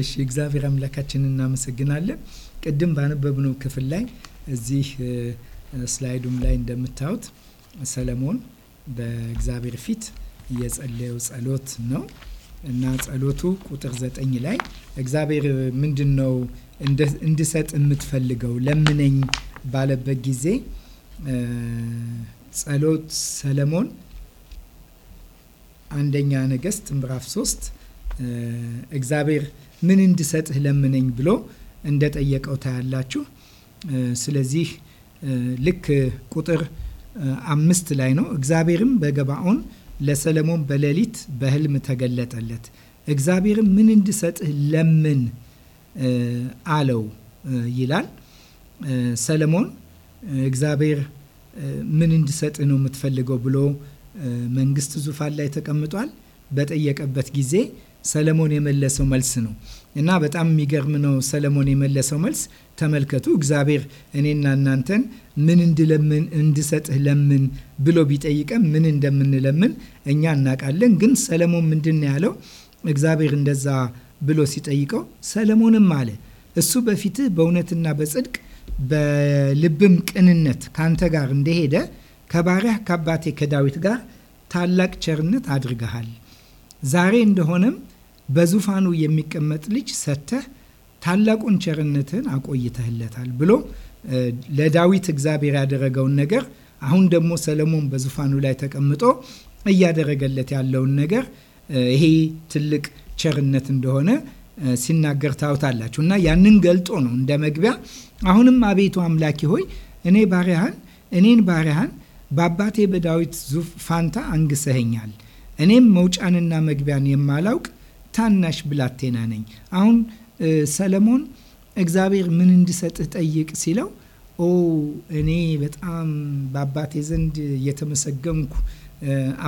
እሺ እግዚአብሔር አምላካችን እናመሰግናለን። ቅድም ባነበብነው ክፍል ላይ እዚህ ስላይዱም ላይ እንደምታዩት ሰለሞን በእግዚአብሔር ፊት የጸለየው ጸሎት ነው እና ጸሎቱ ቁጥር ዘጠኝ ላይ እግዚአብሔር ምንድን ነው እንድሰጥ የምትፈልገው ለምነኝ ባለበት ጊዜ ጸሎት ሰለሞን አንደኛ ነገስት ምዕራፍ ሶስት? እግዚአብሔር ምን እንድሰጥህ ለምነኝ ብሎ እንደጠየቀው ታያላችሁ። ስለዚህ ልክ ቁጥር አምስት ላይ ነው። እግዚአብሔርም በገባኦን ለሰለሞን በሌሊት በህልም ተገለጠለት። እግዚአብሔርም ምን እንድሰጥህ ለምን አለው ይላል። ሰለሞን እግዚአብሔር ምን እንድሰጥህ ነው የምትፈልገው ብሎ መንግስት ዙፋን ላይ ተቀምጧል። በጠየቀበት ጊዜ ሰለሞን የመለሰው መልስ ነው እና በጣም የሚገርም ነው። ሰለሞን የመለሰው መልስ ተመልከቱ። እግዚአብሔር እኔና እናንተን ምን እንድለምን እንድሰጥህ ለምን ብሎ ቢጠይቀን ምን እንደምንለምን እኛ እናውቃለን። ግን ሰለሞን ምንድን ያለው? እግዚአብሔር እንደዛ ብሎ ሲጠይቀው ሰለሞንም አለ እሱ በፊትህ በእውነትና በጽድቅ በልብም ቅንነት ካንተ ጋር እንደሄደ ከባሪያህ ከአባቴ ከዳዊት ጋር ታላቅ ቸርነት አድርገሃል ዛሬ እንደሆነም በዙፋኑ የሚቀመጥ ልጅ ሰጥተህ ታላቁን ቸርነትህን አቆይተህለታል ብሎ ለዳዊት እግዚአብሔር ያደረገውን ነገር አሁን ደግሞ ሰለሞን በዙፋኑ ላይ ተቀምጦ እያደረገለት ያለውን ነገር ይሄ ትልቅ ቸርነት እንደሆነ ሲናገር ታውታላችሁ። እና ያንን ገልጦ ነው እንደ መግቢያ አሁንም አቤቱ አምላኪ ሆይ እኔ ባሪያህን እኔን ባሪያህን በአባቴ በዳዊት ዙፋን ፋንታ አንግሰኸኛል። እኔም መውጫንና መግቢያን የማላውቅ ታናሽ ብላቴና ነኝ። አሁን ሰለሞን እግዚአብሔር ምን እንድሰጥህ ጠይቅ ሲለው ኦ እኔ በጣም በአባቴ ዘንድ የተመሰገንኩ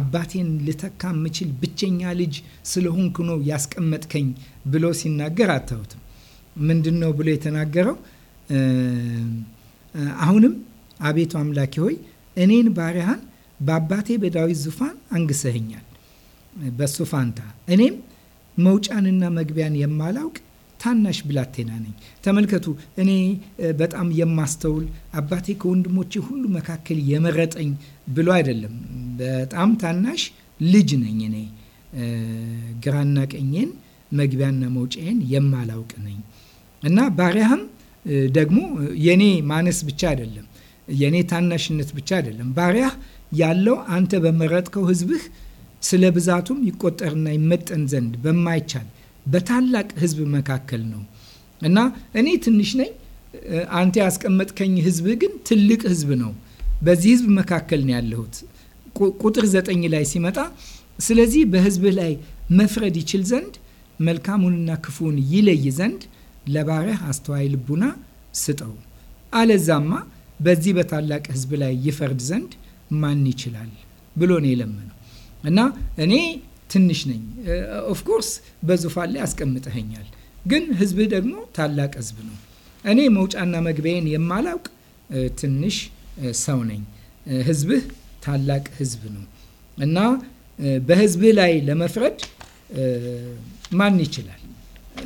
አባቴን ልተካ የምችል ብቸኛ ልጅ ስለሆንኩ ነው ያስቀመጥከኝ ብሎ ሲናገር አታሁትም። ምንድን ነው ብሎ የተናገረው? አሁንም አቤቱ አምላኬ ሆይ እኔን ባሪያህን በአባቴ በዳዊት ዙፋን አንግሰህኛል? በሱ ፋንታ እኔም መውጫንና መግቢያን የማላውቅ ታናሽ ብላቴና ነኝ። ተመልከቱ፣ እኔ በጣም የማስተውል አባቴ ከወንድሞቼ ሁሉ መካከል የመረጠኝ ብሎ አይደለም። በጣም ታናሽ ልጅ ነኝ እኔ ግራና ቀኜን መግቢያና መውጫዬን የማላውቅ ነኝ እና ባሪያህም ደግሞ የኔ ማነስ ብቻ አይደለም፣ የኔ ታናሽነት ብቻ አይደለም። ባሪያህ ያለው አንተ በመረጥከው ሕዝብህ ስለ ብዛቱም ይቆጠርና ይመጠን ዘንድ በማይቻል በታላቅ ህዝብ መካከል ነው እና እኔ ትንሽ ነኝ፣ አንተ ያስቀመጥከኝ ህዝብ ግን ትልቅ ህዝብ ነው። በዚህ ህዝብ መካከል ነው ያለሁት። ቁጥር ዘጠኝ ላይ ሲመጣ ስለዚህ በህዝብህ ላይ መፍረድ ይችል ዘንድ መልካሙንና ክፉውን ይለይ ዘንድ ለባሪያህ አስተዋይ ልቡና ስጠው። አለዛማ በዚህ በታላቅ ህዝብ ላይ ይፈርድ ዘንድ ማን ይችላል ብሎ ነው የለመነው። እና እኔ ትንሽ ነኝ። ኦፍኮርስ uh, በዙፋን ላይ አስቀምጠኸኛል፣ ግን ህዝብህ ደግሞ ታላቅ ህዝብ ነው። እኔ መውጫና መግቢያን የማላውቅ uh, ትንሽ uh, ሰው ነኝ። ህዝብህ ታላቅ ህዝብ ነው እና በህዝብህ ላይ ለመፍረድ ማን ይችላል?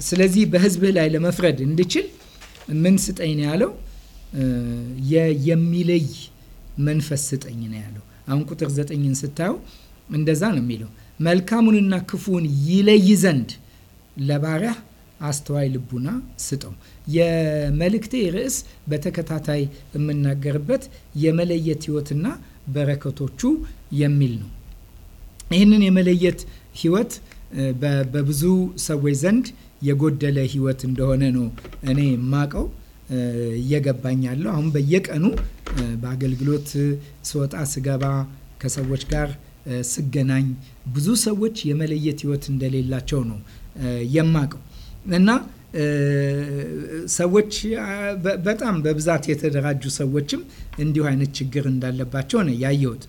ስለዚህ በህዝብህ ላይ ለመፍረድ እንድችል ምን ስጠኝ ነው ያለው? የሚለይ መንፈስ ስጠኝ ነው ያለው። አሁን ቁጥር ዘጠኝን ስታየው እንደዛ ነው የሚለው መልካሙንና ክፉውን ይለይ ዘንድ ለባሪያህ አስተዋይ ልቡና ስጠው። የመልእክቴ ርዕስ በተከታታይ የምናገርበት የመለየት ህይወትና በረከቶቹ የሚል ነው። ይህንን የመለየት ህይወት በብዙ ሰዎች ዘንድ የጎደለ ህይወት እንደሆነ ነው እኔ የማቀው እየገባኝ ያለው አሁን በየቀኑ በአገልግሎት ስወጣ ስገባ ከሰዎች ጋር ስገናኝ ብዙ ሰዎች የመለየት ህይወት እንደሌላቸው ነው የማቀው እና ሰዎች በጣም በብዛት የተደራጁ ሰዎችም እንዲሁ አይነት ችግር እንዳለባቸው ነው ያየሁት።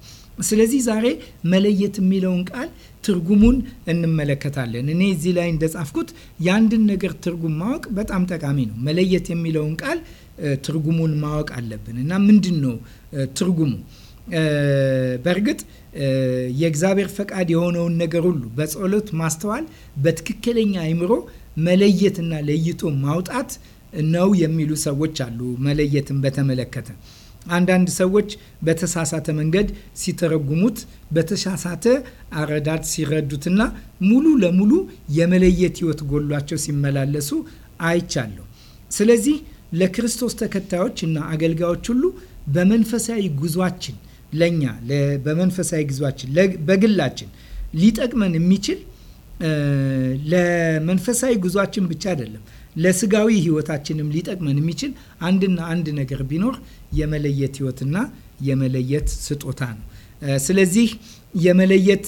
ስለዚህ ዛሬ መለየት የሚለውን ቃል ትርጉሙን እንመለከታለን። እኔ እዚህ ላይ እንደጻፍኩት የአንድን ነገር ትርጉም ማወቅ በጣም ጠቃሚ ነው። መለየት የሚለውን ቃል ትርጉሙን ማወቅ አለብን እና ምንድን ነው ትርጉሙ በእርግጥ የእግዚአብሔር ፈቃድ የሆነውን ነገር ሁሉ በጸሎት ማስተዋል፣ በትክክለኛ አይምሮ መለየትና ለይቶ ማውጣት ነው የሚሉ ሰዎች አሉ። መለየትን በተመለከተ አንዳንድ ሰዎች በተሳሳተ መንገድ ሲተረጉሙት በተሳሳተ አረዳድ ሲረዱትና ሙሉ ለሙሉ የመለየት ህይወት ጎሏቸው ሲመላለሱ አይቻለሁ። ስለዚህ ለክርስቶስ ተከታዮች እና አገልጋዮች ሁሉ በመንፈሳዊ ጉዟችን ለእኛ በመንፈሳዊ ጉዟችን በግላችን ሊጠቅመን የሚችል ለመንፈሳዊ ጉዟችን ብቻ አይደለም፣ ለስጋዊ ህይወታችንም ሊጠቅመን የሚችል አንድና አንድ ነገር ቢኖር የመለየት ህይወትና የመለየት ስጦታ ነው። ስለዚህ የመለየት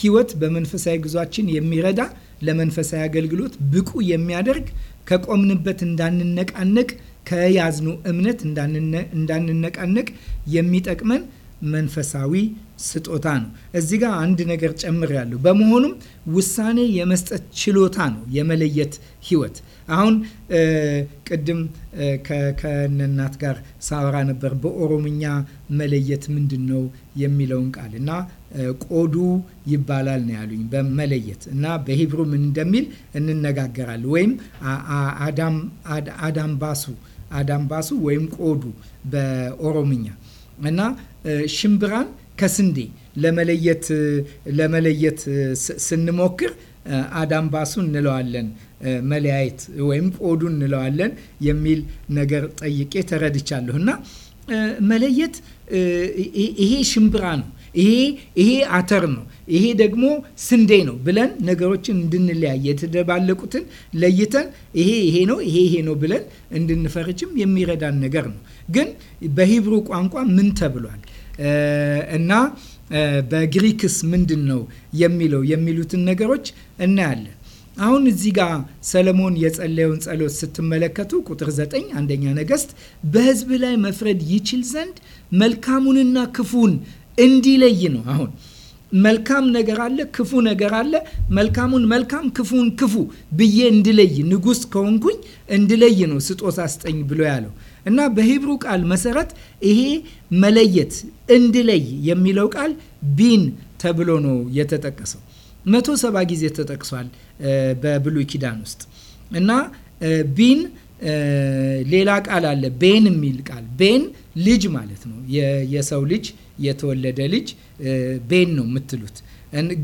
ህይወት በመንፈሳዊ ጉዟችን የሚረዳ ለመንፈሳዊ አገልግሎት ብቁ የሚያደርግ ከቆምንበት እንዳንነቃነቅ ከያዝኑ እምነት እንዳንነቃነቅ የሚጠቅመን መንፈሳዊ ስጦታ ነው። እዚ ጋ አንድ ነገር ጨምር ያለው በመሆኑም ውሳኔ የመስጠት ችሎታ ነው የመለየት ህይወት። አሁን ቅድም ከነናት ጋር ሳወራ ነበር በኦሮምኛ መለየት ምንድን ነው የሚለውን ቃል እና ቆዱ ይባላል ነው ያሉኝ በመለየት እና በሂብሩ ምን እንደሚል እንነጋገራለን። ወይም አዳምባሱ ወይም ቆዱ በኦሮምኛ እና ሽምብራን ከስንዴ ለመለየት ለመለየት ስንሞክር ባሱ እንለዋለን መለያየት ወይም ቆዱ እንለዋለን የሚል ነገር ጠይቄ ተረድቻለሁ እና መለየት ይሄ ሽምብራ ነው ይሄ ይሄ አተር ነው፣ ይሄ ደግሞ ስንዴ ነው ብለን ነገሮችን እንድንለያይ የተደባለቁትን ለይተን ይሄ ይሄ ነው ይሄ ይሄ ነው ብለን እንድንፈርጅም የሚረዳን ነገር ነው። ግን በሂብሩ ቋንቋ ምን ተብሏል እና በግሪክስ ምንድን ነው የሚለው የሚሉትን ነገሮች እናያለን። አሁን እዚህ ጋር ሰለሞን የጸለየውን ጸሎት ስትመለከቱ ቁጥር ዘጠኝ አንደኛ ነገስት በህዝብ ላይ መፍረድ ይችል ዘንድ መልካሙንና ክፉን እንዲለይ ነው። አሁን መልካም ነገር አለ፣ ክፉ ነገር አለ። መልካሙን መልካም ክፉን ክፉ ብዬ እንድለይ ንጉሥ ከሆንኩኝ እንድለይ ነው ስጦታ ስጠኝ ብሎ ያለው እና በሂብሩ ቃል መሰረት ይሄ መለየት እንድለይ የሚለው ቃል ቢን ተብሎ ነው የተጠቀሰው። መቶ ሰባ ጊዜ ተጠቅሷል በብሉይ ኪዳን ውስጥ እና ቢን ሌላ ቃል አለ ቤን የሚል ቃል ቤን ልጅ ማለት ነው። የሰው ልጅ የተወለደ ልጅ ቤን ነው የምትሉት፣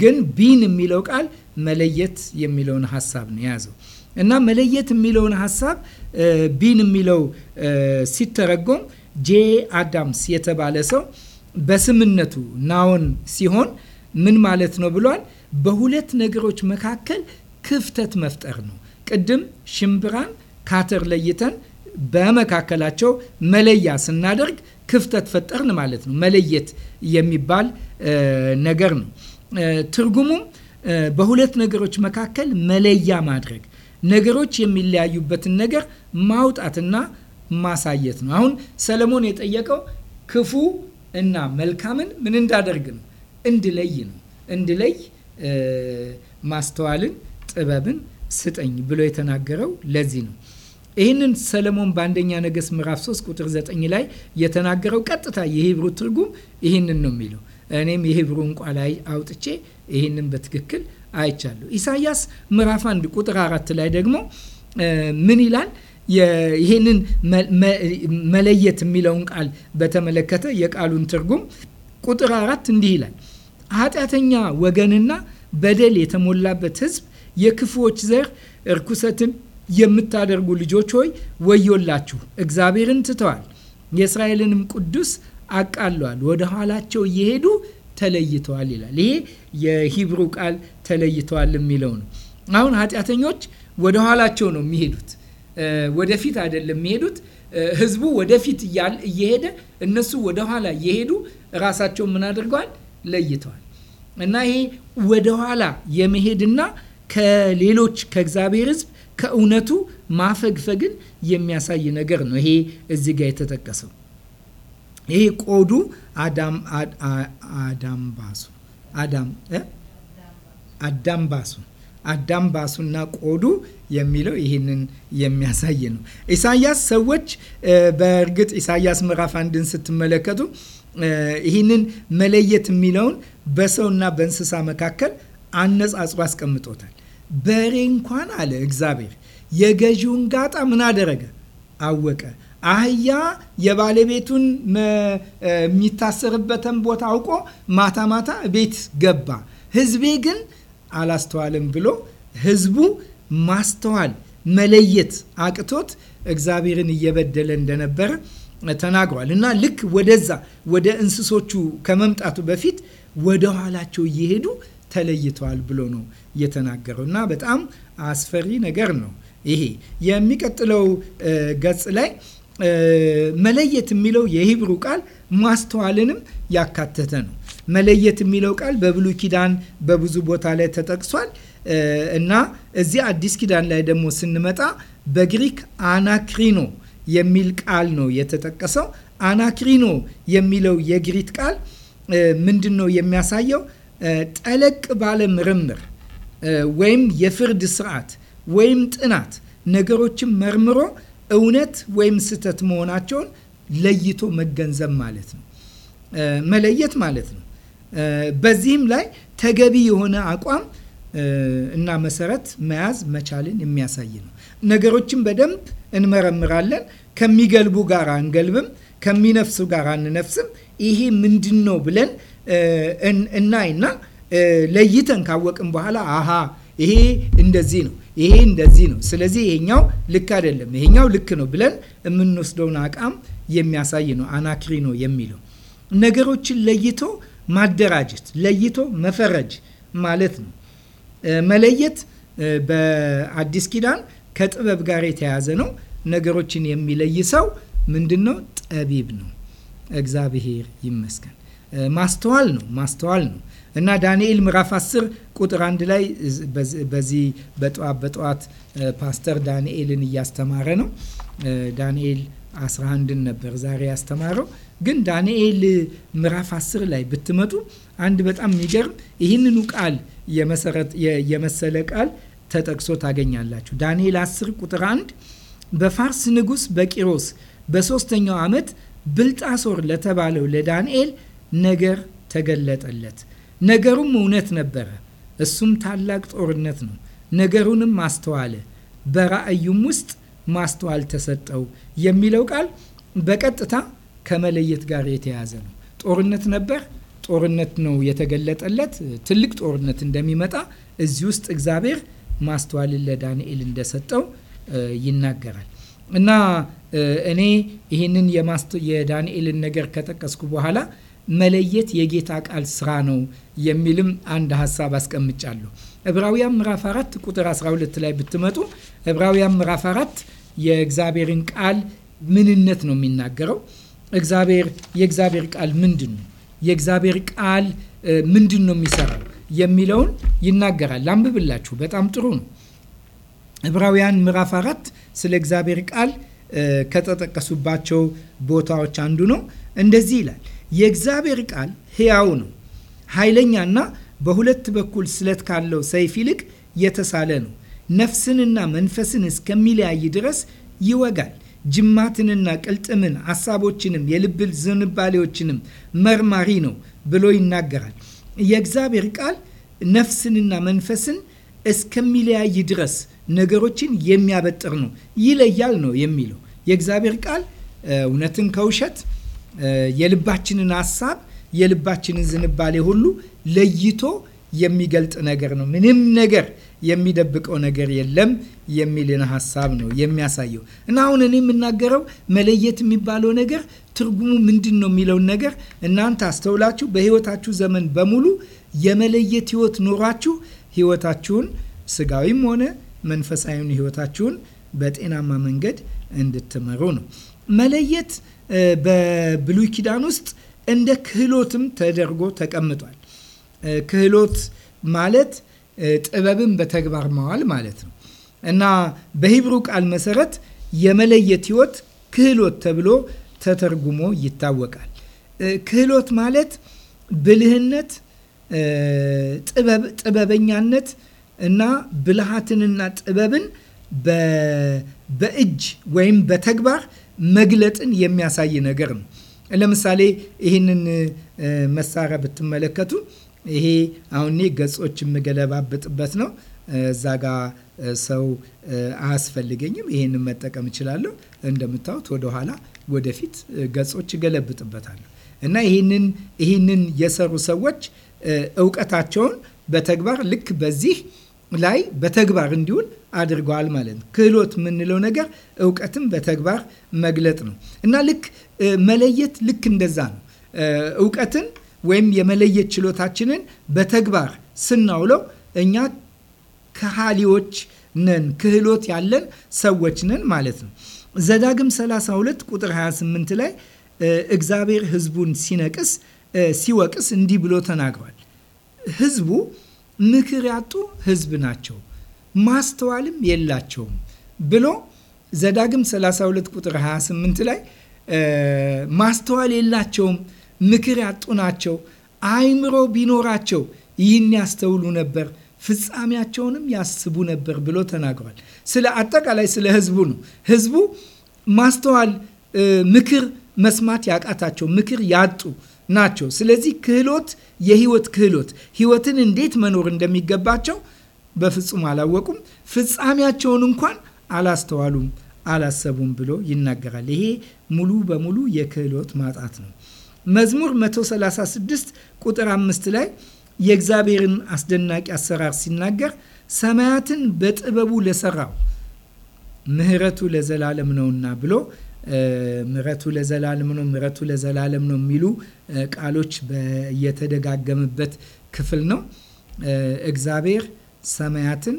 ግን ቢን የሚለው ቃል መለየት የሚለውን ሀሳብ ነው የያዘው እና መለየት የሚለውን ሀሳብ ቢን የሚለው ሲተረጎም ጄ አዳምስ የተባለ ሰው በስምነቱ ናውን ሲሆን ምን ማለት ነው ብሏል? በሁለት ነገሮች መካከል ክፍተት መፍጠር ነው። ቅድም ሽምብራን ካተር ለይተን በመካከላቸው መለያ ስናደርግ ክፍተት ፈጠርን ማለት ነው። መለየት የሚባል ነገር ነው። ትርጉሙም በሁለት ነገሮች መካከል መለያ ማድረግ ነገሮች የሚለያዩበትን ነገር ማውጣትና ማሳየት ነው። አሁን ሰለሞን የጠየቀው ክፉ እና መልካምን ምን እንዳደርግ ነው? እንድለይ ነው። እንድለይ ማስተዋልን፣ ጥበብን ስጠኝ ብሎ የተናገረው ለዚህ ነው። ይህንን ሰለሞን በአንደኛ ነገሥት ምዕራፍ 3 ቁጥር 9 ላይ የተናገረው ቀጥታ የሂብሩ ትርጉም ይህንን ነው የሚለው። እኔም የሂብሩ እንቋ ላይ አውጥቼ ይህንን በትክክል አይቻለሁ። ኢሳያስ ምዕራፍ 1 ቁጥር 4 ላይ ደግሞ ምን ይላል? ይህንን መለየት የሚለውን ቃል በተመለከተ የቃሉን ትርጉም ቁጥር አራት እንዲህ ይላል ኃጢአተኛ ወገንና በደል የተሞላበት ሕዝብ የክፉዎች ዘር እርኩሰትን የምታደርጉ ልጆች ሆይ ወዮላችሁ፣ እግዚአብሔርን ትተዋል፣ የእስራኤልንም ቅዱስ አቃለዋል፣ ወደ ኋላቸው እየሄዱ ተለይተዋል ይላል። ይሄ የሂብሩ ቃል ተለይተዋል የሚለው ነው። አሁን ኃጢአተኞች ወደ ኋላቸው ነው የሚሄዱት፣ ወደፊት አይደለም የሚሄዱት። ህዝቡ ወደፊት እየሄደ እነሱ ወደ ኋላ እየሄዱ ራሳቸው ምን አድርገዋል? ለይተዋል። እና ይሄ ወደ ኋላ የመሄድና ከሌሎች ከእግዚአብሔር ህዝብ ከእውነቱ ማፈግፈግን የሚያሳይ ነገር ነው። ይሄ እዚህ ጋር የተጠቀሰው ይሄ ቆዱ አዳም ባሱ አዳም አዳምባሱ ቆዱ የሚለው ይህንን የሚያሳይ ነው። ኢሳያስ ሰዎች በእርግጥ ኢሳያስ ምዕራፍ አንድን ስትመለከቱ ይህንን መለየት የሚለውን በሰውና በእንስሳ መካከል አነጻጽሮ አስቀምጦታል። በሬ እንኳን አለ እግዚአብሔር የገዢውን ጋጣ ምን አደረገ? አወቀ። አህያ የባለቤቱን የሚታሰርበትን ቦታ አውቆ ማታ ማታ ቤት ገባ። ህዝቤ ግን አላስተዋልም ብሎ ህዝቡ ማስተዋል መለየት አቅቶት እግዚአብሔርን እየበደለ እንደነበረ ተናግሯል። እና ልክ ወደዛ ወደ እንስሶቹ ከመምጣቱ በፊት ወደ ኋላቸው እየሄዱ ተለይተዋል ብሎ ነው እየተናገረው እና በጣም አስፈሪ ነገር ነው ይሄ። የሚቀጥለው ገጽ ላይ መለየት የሚለው የሂብሩ ቃል ማስተዋልንም ያካተተ ነው። መለየት የሚለው ቃል በብሉይ ኪዳን በብዙ ቦታ ላይ ተጠቅሷል እና እዚህ አዲስ ኪዳን ላይ ደግሞ ስንመጣ በግሪክ አናክሪኖ የሚል ቃል ነው የተጠቀሰው። አናክሪኖ የሚለው የግሪክ ቃል ምንድን ነው የሚያሳየው? ጠለቅ ባለ ምርምር ወይም የፍርድ ስርዓት ወይም ጥናት ነገሮችን መርምሮ እውነት ወይም ስህተት መሆናቸውን ለይቶ መገንዘብ ማለት ነው፣ መለየት ማለት ነው። በዚህም ላይ ተገቢ የሆነ አቋም እና መሰረት መያዝ መቻልን የሚያሳይ ነው። ነገሮችን በደንብ እንመረምራለን። ከሚገልቡ ጋር አንገልብም፣ ከሚነፍሱ ጋር አንነፍስም። ይሄ ምንድን ነው ብለን እናይና ለይተን ካወቅን በኋላ አሃ ይሄ እንደዚህ ነው፣ ይሄ እንደዚህ ነው፣ ስለዚህ ይሄኛው ልክ አይደለም፣ ይሄኛው ልክ ነው ብለን የምንወስደውን አቋም የሚያሳይ ነው አናክሪኖ የሚለው ነገሮችን ለይቶ ማደራጀት ለይቶ መፈረጅ ማለት ነው። መለየት በአዲስ ኪዳን ከጥበብ ጋር የተያያዘ ነው። ነገሮችን የሚለይ ሰው ምንድን ነው? ጠቢብ ነው። እግዚአብሔር ይመስገን። ማስተዋል ነው ማስተዋል ነው እና ዳንኤል ምዕራፍ 10 ቁጥር አንድ ላይ በዚህ በጠዋት በጠዋት ፓስተር ዳንኤልን እያስተማረ ነው። ዳንኤል 11ን ነበር ዛሬ ያስተማረው። ግን ዳንኤል ምዕራፍ 10 ላይ ብትመጡ አንድ በጣም የሚገርም ይህንኑ ቃል የመሰለ ቃል ተጠቅሶ ታገኛላችሁ። ዳንኤል 10 ቁጥር 1 በፋርስ ንጉሥ በቂሮስ በሶስተኛው ዓመት ብልጣሶር ለተባለው ለዳንኤል ነገር ተገለጠለት። ነገሩም እውነት ነበረ፣ እሱም ታላቅ ጦርነት ነው። ነገሩንም ማስተዋለ፣ በራእዩም ውስጥ ማስተዋል ተሰጠው የሚለው ቃል በቀጥታ ከመለየት ጋር የተያዘ ነው። ጦርነት ነበር፣ ጦርነት ነው የተገለጠለት። ትልቅ ጦርነት እንደሚመጣ እዚህ ውስጥ እግዚአብሔር ማስተዋልን ለዳንኤል እንደሰጠው ይናገራል። እና እኔ ይህንን የዳንኤልን ነገር ከጠቀስኩ በኋላ መለየት የጌታ ቃል ስራ ነው የሚልም አንድ ሀሳብ አስቀምጫለሁ። ዕብራውያን ምዕራፍ 4 ቁጥር 12 ላይ ብትመጡ ዕብራውያን ምዕራፍ 4 የእግዚአብሔርን ቃል ምንነት ነው የሚናገረው። እግዚአብሔር የእግዚአብሔር ቃል ምንድን ነው? የእግዚአብሔር ቃል ምንድን ነው የሚሰራው የሚለውን ይናገራል። አንብብላችሁ፣ በጣም ጥሩ ነው። ዕብራውያን ምዕራፍ 4 ስለ እግዚአብሔር ቃል ከተጠቀሱባቸው ቦታዎች አንዱ ነው። እንደዚህ ይላል የእግዚአብሔር ቃል ሕያው ነው፣ ኃይለኛና በሁለት በኩል ስለት ካለው ሰይፍ ይልቅ የተሳለ ነው። ነፍስንና መንፈስን እስከሚለያይ ድረስ ይወጋል፣ ጅማትንና ቅልጥምን፣ ሐሳቦችንም የልብ ዝንባሌዎችንም መርማሪ ነው ብሎ ይናገራል። የእግዚአብሔር ቃል ነፍስንና መንፈስን እስከሚለያይ ድረስ ነገሮችን የሚያበጥር ነው፣ ይለያል ነው የሚለው የእግዚአብሔር ቃል እውነትን ከውሸት የልባችንን ሀሳብ የልባችንን ዝንባሌ ሁሉ ለይቶ የሚገልጥ ነገር ነው። ምንም ነገር የሚደብቀው ነገር የለም የሚልን ሀሳብ ነው የሚያሳየው። እና አሁን እኔ የምናገረው መለየት የሚባለው ነገር ትርጉሙ ምንድን ነው የሚለውን ነገር እናንተ አስተውላችሁ በህይወታችሁ ዘመን በሙሉ የመለየት ህይወት ኖሯችሁ ህይወታችሁን ስጋዊም ሆነ መንፈሳዊን ህይወታችሁን በጤናማ መንገድ እንድትመሩ ነው መለየት በብሉይ ኪዳን ውስጥ እንደ ክህሎትም ተደርጎ ተቀምጧል። ክህሎት ማለት ጥበብን በተግባር ማዋል ማለት ነው እና በሂብሩ ቃል መሰረት የመለየት ህይወት ክህሎት ተብሎ ተተርጉሞ ይታወቃል። ክህሎት ማለት ብልህነት፣ ጥበበኛነት እና ብልሃትንና ጥበብን በእጅ ወይም በተግባር መግለጥን የሚያሳይ ነገር ነው። ለምሳሌ ይህንን መሳሪያ ብትመለከቱ ይሄ አሁኔ ገጾች የምገለባብጥበት ነው። እዛ ጋ ሰው አያስፈልገኝም። ይህንን መጠቀም እችላለሁ። እንደምታዩት ወደኋላ፣ ወደፊት ገጾች እገለብጥበታለሁ እና ይህንን ይህንን የሰሩ ሰዎች እውቀታቸውን በተግባር ልክ በዚህ ላይ በተግባር እንዲውል አድርገዋል ማለት ነው። ክህሎት የምንለው ነገር እውቀትም በተግባር መግለጥ ነው እና ልክ መለየት ልክ እንደዛ ነው። እውቀትን ወይም የመለየት ችሎታችንን በተግባር ስናውለው እኛ ከሃሊዎች ነን፣ ክህሎት ያለን ሰዎች ነን ማለት ነው። ዘዳግም 32 ቁጥር 28 ላይ እግዚአብሔር ህዝቡን ሲነቅስ ሲወቅስ እንዲህ ብሎ ተናግሯል። ህዝቡ ምክር ያጡ ህዝብ ናቸው፣ ማስተዋልም የላቸውም ብሎ ዘዳግም 32 ቁጥር 28 ላይ ማስተዋል የላቸውም፣ ምክር ያጡ ናቸው፣ አይምሮ ቢኖራቸው ይህን ያስተውሉ ነበር ፍጻሜያቸውንም ያስቡ ነበር ብሎ ተናግሯል። ስለ አጠቃላይ ስለ ህዝቡ ነው። ህዝቡ ማስተዋል፣ ምክር መስማት ያቃታቸው ምክር ያጡ ናቸው። ስለዚህ ክህሎት የህይወት ክህሎት ህይወትን እንዴት መኖር እንደሚገባቸው በፍጹም አላወቁም። ፍጻሜያቸውን እንኳን አላስተዋሉም፣ አላሰቡም ብሎ ይናገራል። ይሄ ሙሉ በሙሉ የክህሎት ማጣት ነው። መዝሙር 136 ቁጥር አምስት ላይ የእግዚአብሔርን አስደናቂ አሰራር ሲናገር ሰማያትን በጥበቡ ለሰራው ምህረቱ ለዘላለም ነውና ብሎ ምረቱ ለዘላለም ነው፣ ምረቱ ለዘላለም ነው የሚሉ ቃሎች የተደጋገመበት ክፍል ነው። እግዚአብሔር ሰማያትን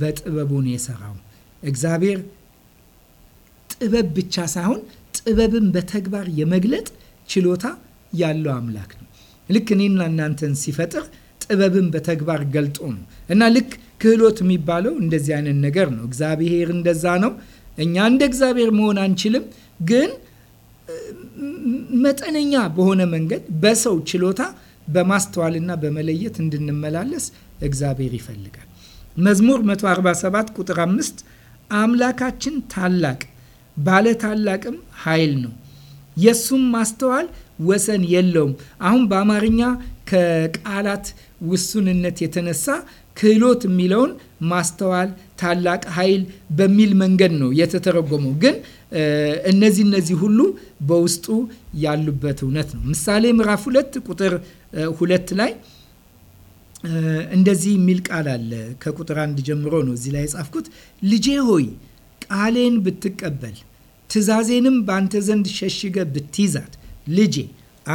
በጥበቡ ነው የሰራው። እግዚአብሔር ጥበብ ብቻ ሳይሆን ጥበብን በተግባር የመግለጥ ችሎታ ያለው አምላክ ነው። ልክ እኔና እናንተን ሲፈጥር ጥበብን በተግባር ገልጦ ነው እና ልክ ክህሎት የሚባለው እንደዚህ አይነት ነገር ነው። እግዚአብሔር እንደዛ ነው። እኛ እንደ እግዚአብሔር መሆን አንችልም፣ ግን መጠነኛ በሆነ መንገድ በሰው ችሎታ በማስተዋልና በመለየት እንድንመላለስ እግዚአብሔር ይፈልጋል። መዝሙር 147 ቁጥር 5 አምላካችን ታላቅ ባለ ታላቅም ኃይል ነው፣ የሱም ማስተዋል ወሰን የለውም። አሁን በአማርኛ ከቃላት ውሱንነት የተነሳ ክህሎት የሚለውን ማስተዋል ታላቅ ኃይል በሚል መንገድ ነው የተተረጎመው። ግን እነዚህ እነዚህ ሁሉ በውስጡ ያሉበት እውነት ነው። ምሳሌ ምዕራፍ ሁለት ቁጥር ሁለት ላይ እንደዚህ የሚል ቃል አለ። ከቁጥር አንድ ጀምሮ ነው እዚህ ላይ የጻፍኩት። ልጄ ሆይ ቃሌን ብትቀበል ትእዛዜንም በአንተ ዘንድ ሸሽገ ብትይዛት። ልጄ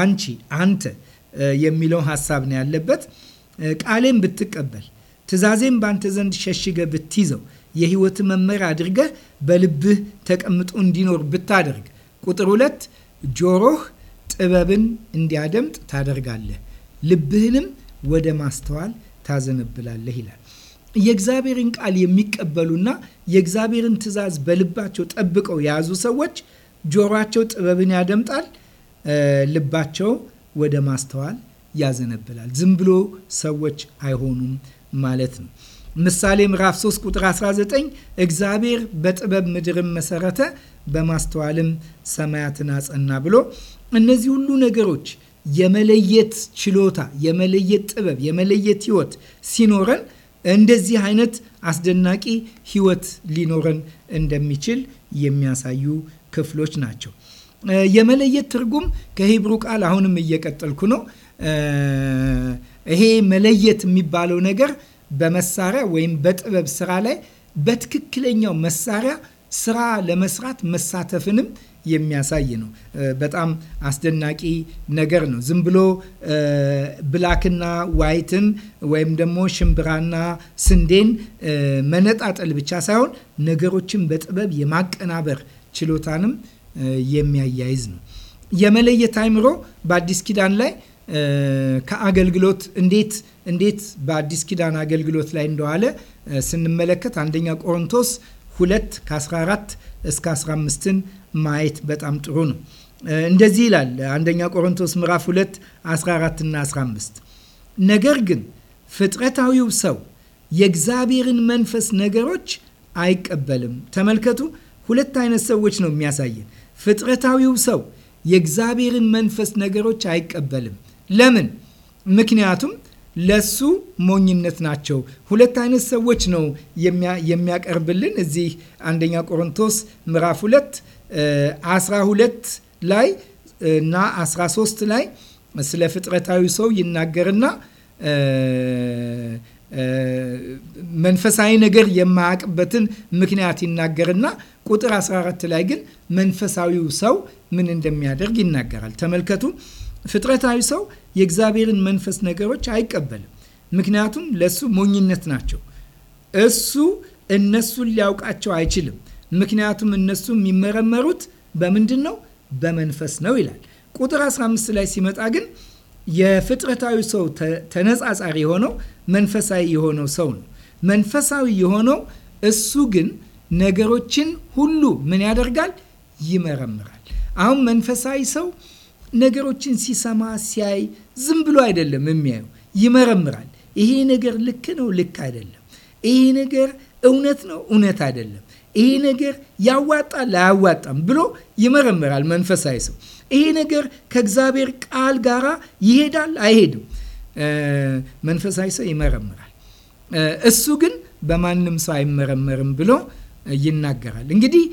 አንቺ፣ አንተ የሚለው ሀሳብ ነው ያለበት። ቃሌን ብትቀበል ትእዛዜም ባንተ ዘንድ ሸሽገ ብትይዘው የህይወት መመሪያ አድርገህ በልብህ ተቀምጦ እንዲኖር ብታደርግ። ቁጥር ሁለት ጆሮህ ጥበብን እንዲያደምጥ ታደርጋለህ፣ ልብህንም ወደ ማስተዋል ታዘነብላለህ ይላል። የእግዚአብሔርን ቃል የሚቀበሉና የእግዚአብሔርን ትእዛዝ በልባቸው ጠብቀው የያዙ ሰዎች ጆሯቸው ጥበብን ያደምጣል፣ ልባቸው ወደ ማስተዋል ያዘነብላል። ዝም ብሎ ሰዎች አይሆኑም። ማለት ነው። ምሳሌ ምዕራፍ 3 ቁጥር 19 እግዚአብሔር በጥበብ ምድርን መሰረተ፣ በማስተዋልም ሰማያትን አጸና ብሎ እነዚህ ሁሉ ነገሮች የመለየት ችሎታ፣ የመለየት ጥበብ፣ የመለየት ህይወት ሲኖረን እንደዚህ አይነት አስደናቂ ህይወት ሊኖረን እንደሚችል የሚያሳዩ ክፍሎች ናቸው። የመለየት ትርጉም ከሂብሩ ቃል አሁንም እየቀጠልኩ ነው ይሄ መለየት የሚባለው ነገር በመሳሪያ ወይም በጥበብ ስራ ላይ በትክክለኛው መሳሪያ ስራ ለመስራት መሳተፍንም የሚያሳይ ነው። በጣም አስደናቂ ነገር ነው። ዝም ብሎ ብላክና ዋይትን ወይም ደግሞ ሽምብራና ስንዴን መነጣጠል ብቻ ሳይሆን ነገሮችን በጥበብ የማቀናበር ችሎታንም የሚያያይዝ ነው። የመለየት አይምሮ በአዲስ ኪዳን ላይ ከአገልግሎት እንዴት እንዴት በአዲስ ኪዳን አገልግሎት ላይ እንደዋለ ስንመለከት አንደኛ ቆሮንቶስ ሁለት ከ14 እስከ 15ን ማየት በጣም ጥሩ ነው። እንደዚህ ይላል አንደኛ ቆሮንቶስ ምዕራፍ 2 14 እና 15 ነገር ግን ፍጥረታዊው ሰው የእግዚአብሔርን መንፈስ ነገሮች አይቀበልም። ተመልከቱ፣ ሁለት አይነት ሰዎች ነው የሚያሳየን። ፍጥረታዊው ሰው የእግዚአብሔርን መንፈስ ነገሮች አይቀበልም ለምን? ምክንያቱም ለሱ ሞኝነት ናቸው። ሁለት አይነት ሰዎች ነው የሚያቀርብልን እዚህ አንደኛ ቆሮንቶስ ምዕራፍ 2 12 ላይ እና 13 ላይ ስለ ፍጥረታዊ ሰው ይናገርና መንፈሳዊ ነገር የማያውቅበትን ምክንያት ይናገርና ቁጥር 14 ላይ ግን መንፈሳዊው ሰው ምን እንደሚያደርግ ይናገራል። ተመልከቱ። ፍጥረታዊ ሰው የእግዚአብሔርን መንፈስ ነገሮች አይቀበልም። ምክንያቱም ለእሱ ሞኝነት ናቸው። እሱ እነሱን ሊያውቃቸው አይችልም። ምክንያቱም እነሱ የሚመረመሩት በምንድን ነው? በመንፈስ ነው ይላል። ቁጥር 15 ላይ ሲመጣ ግን የፍጥረታዊ ሰው ተነጻጻሪ የሆነው መንፈሳዊ የሆነው ሰው ነው። መንፈሳዊ የሆነው እሱ ግን ነገሮችን ሁሉ ምን ያደርጋል? ይመረምራል። አሁን መንፈሳዊ ሰው ነገሮችን ሲሰማ ሲያይ ዝም ብሎ አይደለም የሚያየው፣ ይመረምራል። ይሄ ነገር ልክ ነው፣ ልክ አይደለም። ይሄ ነገር እውነት ነው፣ እውነት አይደለም። ይሄ ነገር ያዋጣል፣ አያዋጣም ብሎ ይመረምራል። መንፈሳዊ ሰው ይሄ ነገር ከእግዚአብሔር ቃል ጋር ይሄዳል፣ አይሄድም። መንፈሳዊ ሰው ይመረምራል። እሱ ግን በማንም ሰው አይመረመርም ብሎ ይናገራል። እንግዲህ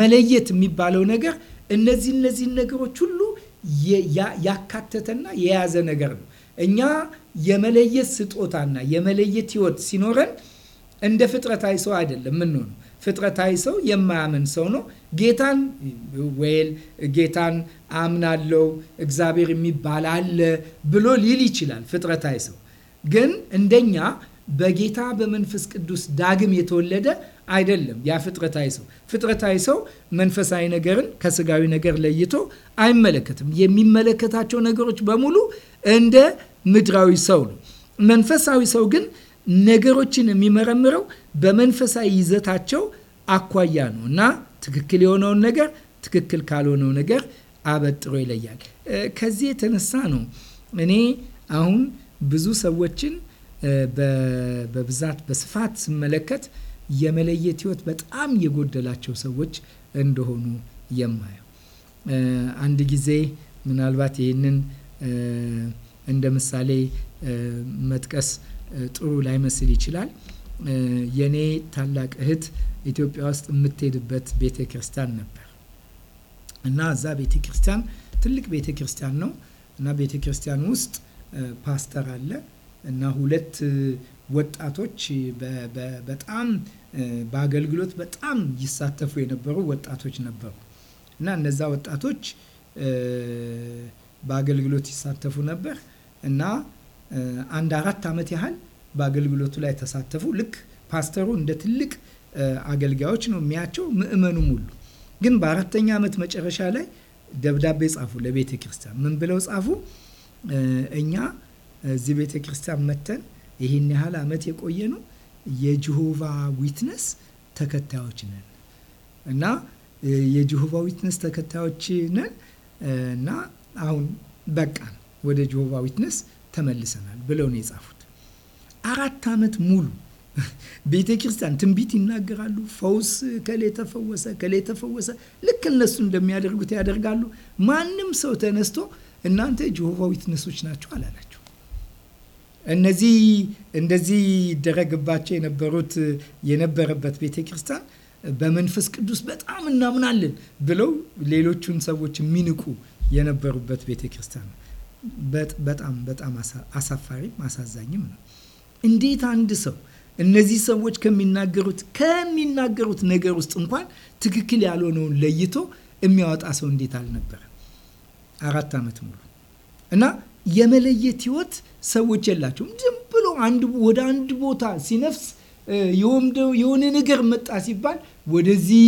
መለየት የሚባለው ነገር እነዚህ እነዚህን ነገሮች ሁሉ ያካተተና የያዘ ነገር ነው። እኛ የመለየት ስጦታና የመለየት ህይወት ሲኖረን እንደ ፍጥረታዊ ሰው አይደለም የምንሆነው። ፍጥረታዊ ሰው የማያምን ሰው ነው። ጌታን ወይል ጌታን አምናለው እግዚአብሔር የሚባል አለ ብሎ ሊል ይችላል። ፍጥረታዊ ሰው ግን እንደኛ በጌታ በመንፈስ ቅዱስ ዳግም የተወለደ አይደለም። ያ ፍጥረታዊ ሰው ፍጥረታዊ ሰው መንፈሳዊ ነገርን ከስጋዊ ነገር ለይቶ አይመለከትም። የሚመለከታቸው ነገሮች በሙሉ እንደ ምድራዊ ሰው ነው። መንፈሳዊ ሰው ግን ነገሮችን የሚመረምረው በመንፈሳዊ ይዘታቸው አኳያ ነው እና ትክክል የሆነውን ነገር ትክክል ካልሆነው ነገር አበጥሮ ይለያል። ከዚህ የተነሳ ነው እኔ አሁን ብዙ ሰዎችን በብዛት በስፋት ስመለከት የመለየት ህይወት በጣም የጎደላቸው ሰዎች እንደሆኑ የማየው። አንድ ጊዜ ምናልባት ይህንን እንደ ምሳሌ መጥቀስ ጥሩ ላይመስል ይችላል። የኔ ታላቅ እህት ኢትዮጵያ ውስጥ የምትሄድበት ቤተ ክርስቲያን ነበር እና እዛ ቤተ ክርስቲያን ትልቅ ቤተ ክርስቲያን ነው እና ቤተ ክርስቲያን ውስጥ ፓስተር አለ እና ሁለት ወጣቶች በጣም በአገልግሎት በጣም ይሳተፉ የነበሩ ወጣቶች ነበሩ እና እነዛ ወጣቶች በአገልግሎት ይሳተፉ ነበር እና አንድ አራት ዓመት ያህል በአገልግሎቱ ላይ ተሳተፉ። ልክ ፓስተሩ እንደ ትልቅ አገልጋዮች ነው የሚያቸው ምእመኑም ሁሉ። ግን በአራተኛ ዓመት መጨረሻ ላይ ደብዳቤ ጻፉ ለቤተ ክርስቲያን። ምን ብለው ጻፉ? እኛ እዚህ ቤተ ክርስቲያን መተን ይህን ያህል ዓመት የቆየ ነው የጅሆቫ ዊትነስ ተከታዮች ነን እና የጅሆቫ ዊትነስ ተከታዮች ነን እና አሁን በቃን ወደ ጅሆቫ ዊትነስ ተመልሰናል ብለው ነው የጻፉት። አራት ዓመት ሙሉ ቤተ ክርስቲያን ትንቢት ይናገራሉ። ፈውስ ከሌ ተፈወሰ፣ ከሌ ተፈወሰ። ልክ እነሱ እንደሚያደርጉት ያደርጋሉ። ማንም ሰው ተነስቶ እናንተ ጅሆቫ ዊትነሶች ናቸው አላላቸው። እነዚህ እንደዚህ ይደረግባቸው የነበሩት የነበረበት ቤተ ክርስቲያን በመንፈስ ቅዱስ በጣም እናምናለን ብለው ሌሎቹን ሰዎች የሚንቁ የነበሩበት ቤተ ክርስቲያን ነው። በጣም በጣም አሳፋሪም አሳዛኝም ነው። እንዴት አንድ ሰው እነዚህ ሰዎች ከሚናገሩት ከሚናገሩት ነገር ውስጥ እንኳን ትክክል ያልሆነውን ለይቶ የሚያወጣ ሰው እንዴት አልነበረ አራት ዓመት ሙሉ እና የመለየት ህይወት ሰዎች የላቸውም። ዝም ብሎ ወደ አንድ ቦታ ሲነፍስ የሆነ ነገር መጣ ሲባል ወደዚህ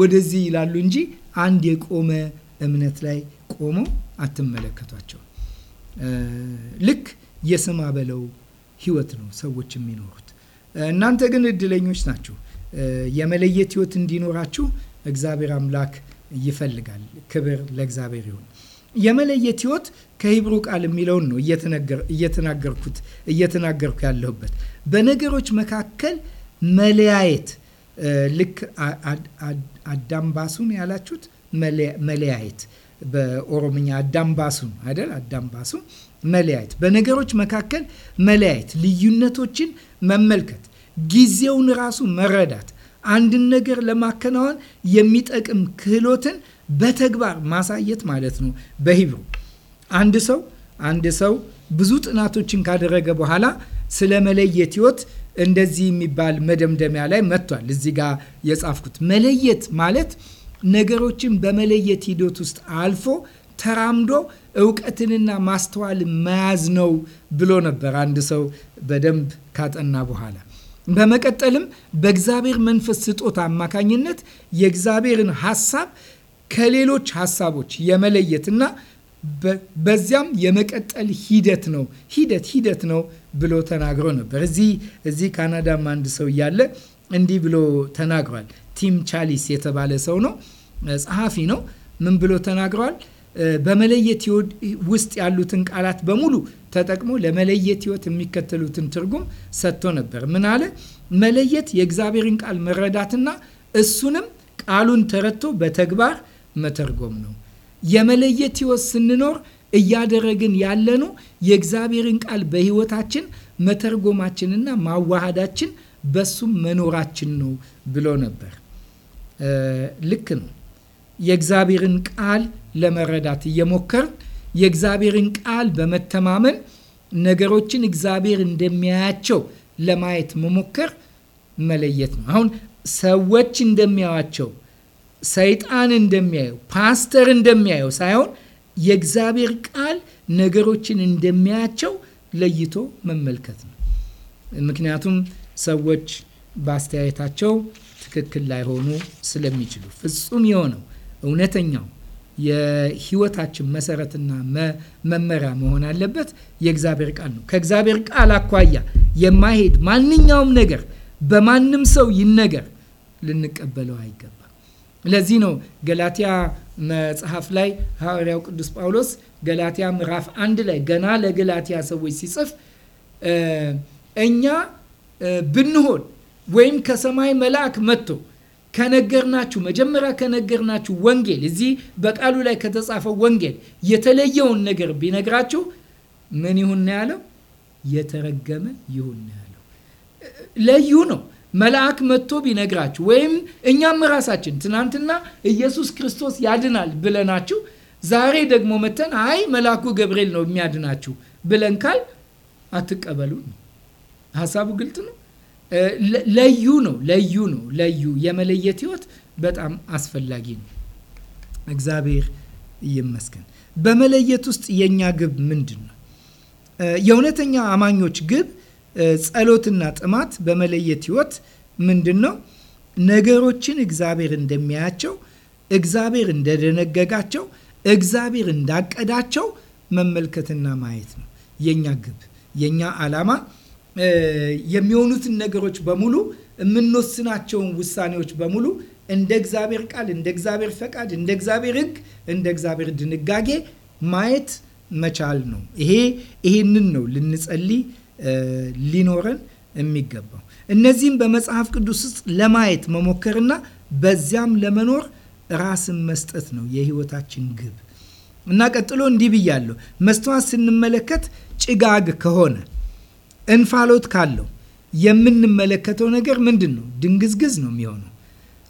ወደዚህ ይላሉ እንጂ አንድ የቆመ እምነት ላይ ቆመው አትመለከቷቸው። ልክ የስማ በለው ህይወት ነው ሰዎች የሚኖሩት። እናንተ ግን እድለኞች ናችሁ። የመለየት ህይወት እንዲኖራችሁ እግዚአብሔር አምላክ ይፈልጋል። ክብር ለእግዚአብሔር ይሁን። የመለየት ህይወት ከሂብሩ ቃል የሚለውን ነው እየተናገርኩት እየተናገርኩ ያለሁበት በነገሮች መካከል መለያየት ልክ አዳምባሱን ያላችሁት መለያየት በኦሮምኛ አዳምባሱን አይደል? አዳምባሱን መለያየት፣ በነገሮች መካከል መለያየት፣ ልዩነቶችን መመልከት፣ ጊዜውን ራሱ መረዳት፣ አንድን ነገር ለማከናወን የሚጠቅም ክህሎትን በተግባር ማሳየት ማለት ነው በሂብሩ አንድ ሰው አንድ ሰው ብዙ ጥናቶችን ካደረገ በኋላ ስለ መለየት ህይወት እንደዚህ የሚባል መደምደሚያ ላይ መጥቷል። እዚህ ጋር የጻፍኩት መለየት ማለት ነገሮችን በመለየት ሂደት ውስጥ አልፎ ተራምዶ እውቀትንና ማስተዋልን መያዝ ነው ብሎ ነበር አንድ ሰው በደንብ ካጠና በኋላ። በመቀጠልም በእግዚአብሔር መንፈስ ስጦታ አማካኝነት የእግዚአብሔርን ሀሳብ ከሌሎች ሀሳቦች የመለየትና በዚያም የመቀጠል ሂደት ነው ሂደት ሂደት ነው ብሎ ተናግሮ ነበር። እዚህ እዚህ ካናዳም አንድ ሰው እያለ እንዲህ ብሎ ተናግሯል። ቲም ቻሊስ የተባለ ሰው ነው፣ ጸሐፊ ነው። ምን ብሎ ተናግሯል? በመለየት ውስጥ ያሉትን ቃላት በሙሉ ተጠቅሞ ለመለየት ህይወት የሚከተሉትን ትርጉም ሰጥቶ ነበር። ምን አለ? መለየት የእግዚአብሔርን ቃል መረዳትና እሱንም ቃሉን ተረድቶ በተግባር መተርጎም ነው። የመለየት ህይወት ስንኖር እያደረግን ያለነው የእግዚአብሔርን ቃል በህይወታችን መተርጎማችንና ማዋሃዳችን በሱም መኖራችን ነው ብሎ ነበር። ልክ ነው። የእግዚአብሔርን ቃል ለመረዳት እየሞከርን የእግዚአብሔርን ቃል በመተማመን ነገሮችን እግዚአብሔር እንደሚያያቸው ለማየት መሞከር መለየት ነው። አሁን ሰዎች እንደሚያያቸው ሰይጣን እንደሚያየው ፓስተር እንደሚያየው ሳይሆን የእግዚአብሔር ቃል ነገሮችን እንደሚያያቸው ለይቶ መመልከት ነው። ምክንያቱም ሰዎች በአስተያየታቸው ትክክል ላይሆኑ ስለሚችሉ ፍጹም የሆነው እውነተኛው የህይወታችን መሰረትና መመሪያ መሆን አለበት የእግዚአብሔር ቃል ነው። ከእግዚአብሔር ቃል አኳያ የማይሄድ ማንኛውም ነገር በማንም ሰው ይነገር ልንቀበለው አይገባም። ለዚህ ነው ገላትያ መጽሐፍ ላይ ሐዋርያው ቅዱስ ጳውሎስ ገላትያ ምዕራፍ አንድ ላይ ገና ለገላትያ ሰዎች ሲጽፍ እኛ ብንሆን ወይም ከሰማይ መልአክ መጥቶ ከነገርናችሁ መጀመሪያ ከነገርናችሁ ወንጌል እዚህ በቃሉ ላይ ከተጻፈው ወንጌል የተለየውን ነገር ቢነግራችሁ ምን ይሁን ያለው የተረገመ ይሁን ያለው ለዩ ነው መልአክ መጥቶ ቢነግራችሁ ወይም እኛም ራሳችን ትናንትና ኢየሱስ ክርስቶስ ያድናል ብለናችሁ ዛሬ ደግሞ መተን አይ መልአኩ ገብርኤል ነው የሚያድናችሁ ብለን ካል አትቀበሉ ሀሳቡ ግልጥ ነው። ለዩ ነው ለዩ ነው ለዩ የመለየት ህይወት በጣም አስፈላጊ ነው። እግዚአብሔር ይመስገን። በመለየት ውስጥ የእኛ ግብ ምንድን ነው? የእውነተኛ አማኞች ግብ ጸሎትና ጥማት በመለየት ህይወት ምንድን ነው? ነገሮችን እግዚአብሔር እንደሚያያቸው፣ እግዚአብሔር እንደደነገጋቸው፣ እግዚአብሔር እንዳቀዳቸው መመልከትና ማየት ነው የእኛ ግብ የእኛ ዓላማ የሚሆኑትን ነገሮች በሙሉ የምንወስናቸውን ውሳኔዎች በሙሉ እንደ እግዚአብሔር ቃል፣ እንደ እግዚአብሔር ፈቃድ፣ እንደ እግዚአብሔር ህግ እንደ እግዚአብሔር ድንጋጌ ማየት መቻል ነው። ይሄ ይሄንን ነው ልንጸልይ ሊኖረን የሚገባው። እነዚህም በመጽሐፍ ቅዱስ ውስጥ ለማየት መሞከርና በዚያም ለመኖር ራስን መስጠት ነው የህይወታችን ግብ እና ቀጥሎ እንዲህ ብያለሁ። መስተዋት ስንመለከት ጭጋግ ከሆነ እንፋሎት ካለው የምንመለከተው ነገር ምንድን ነው? ድንግዝግዝ ነው የሚሆነው።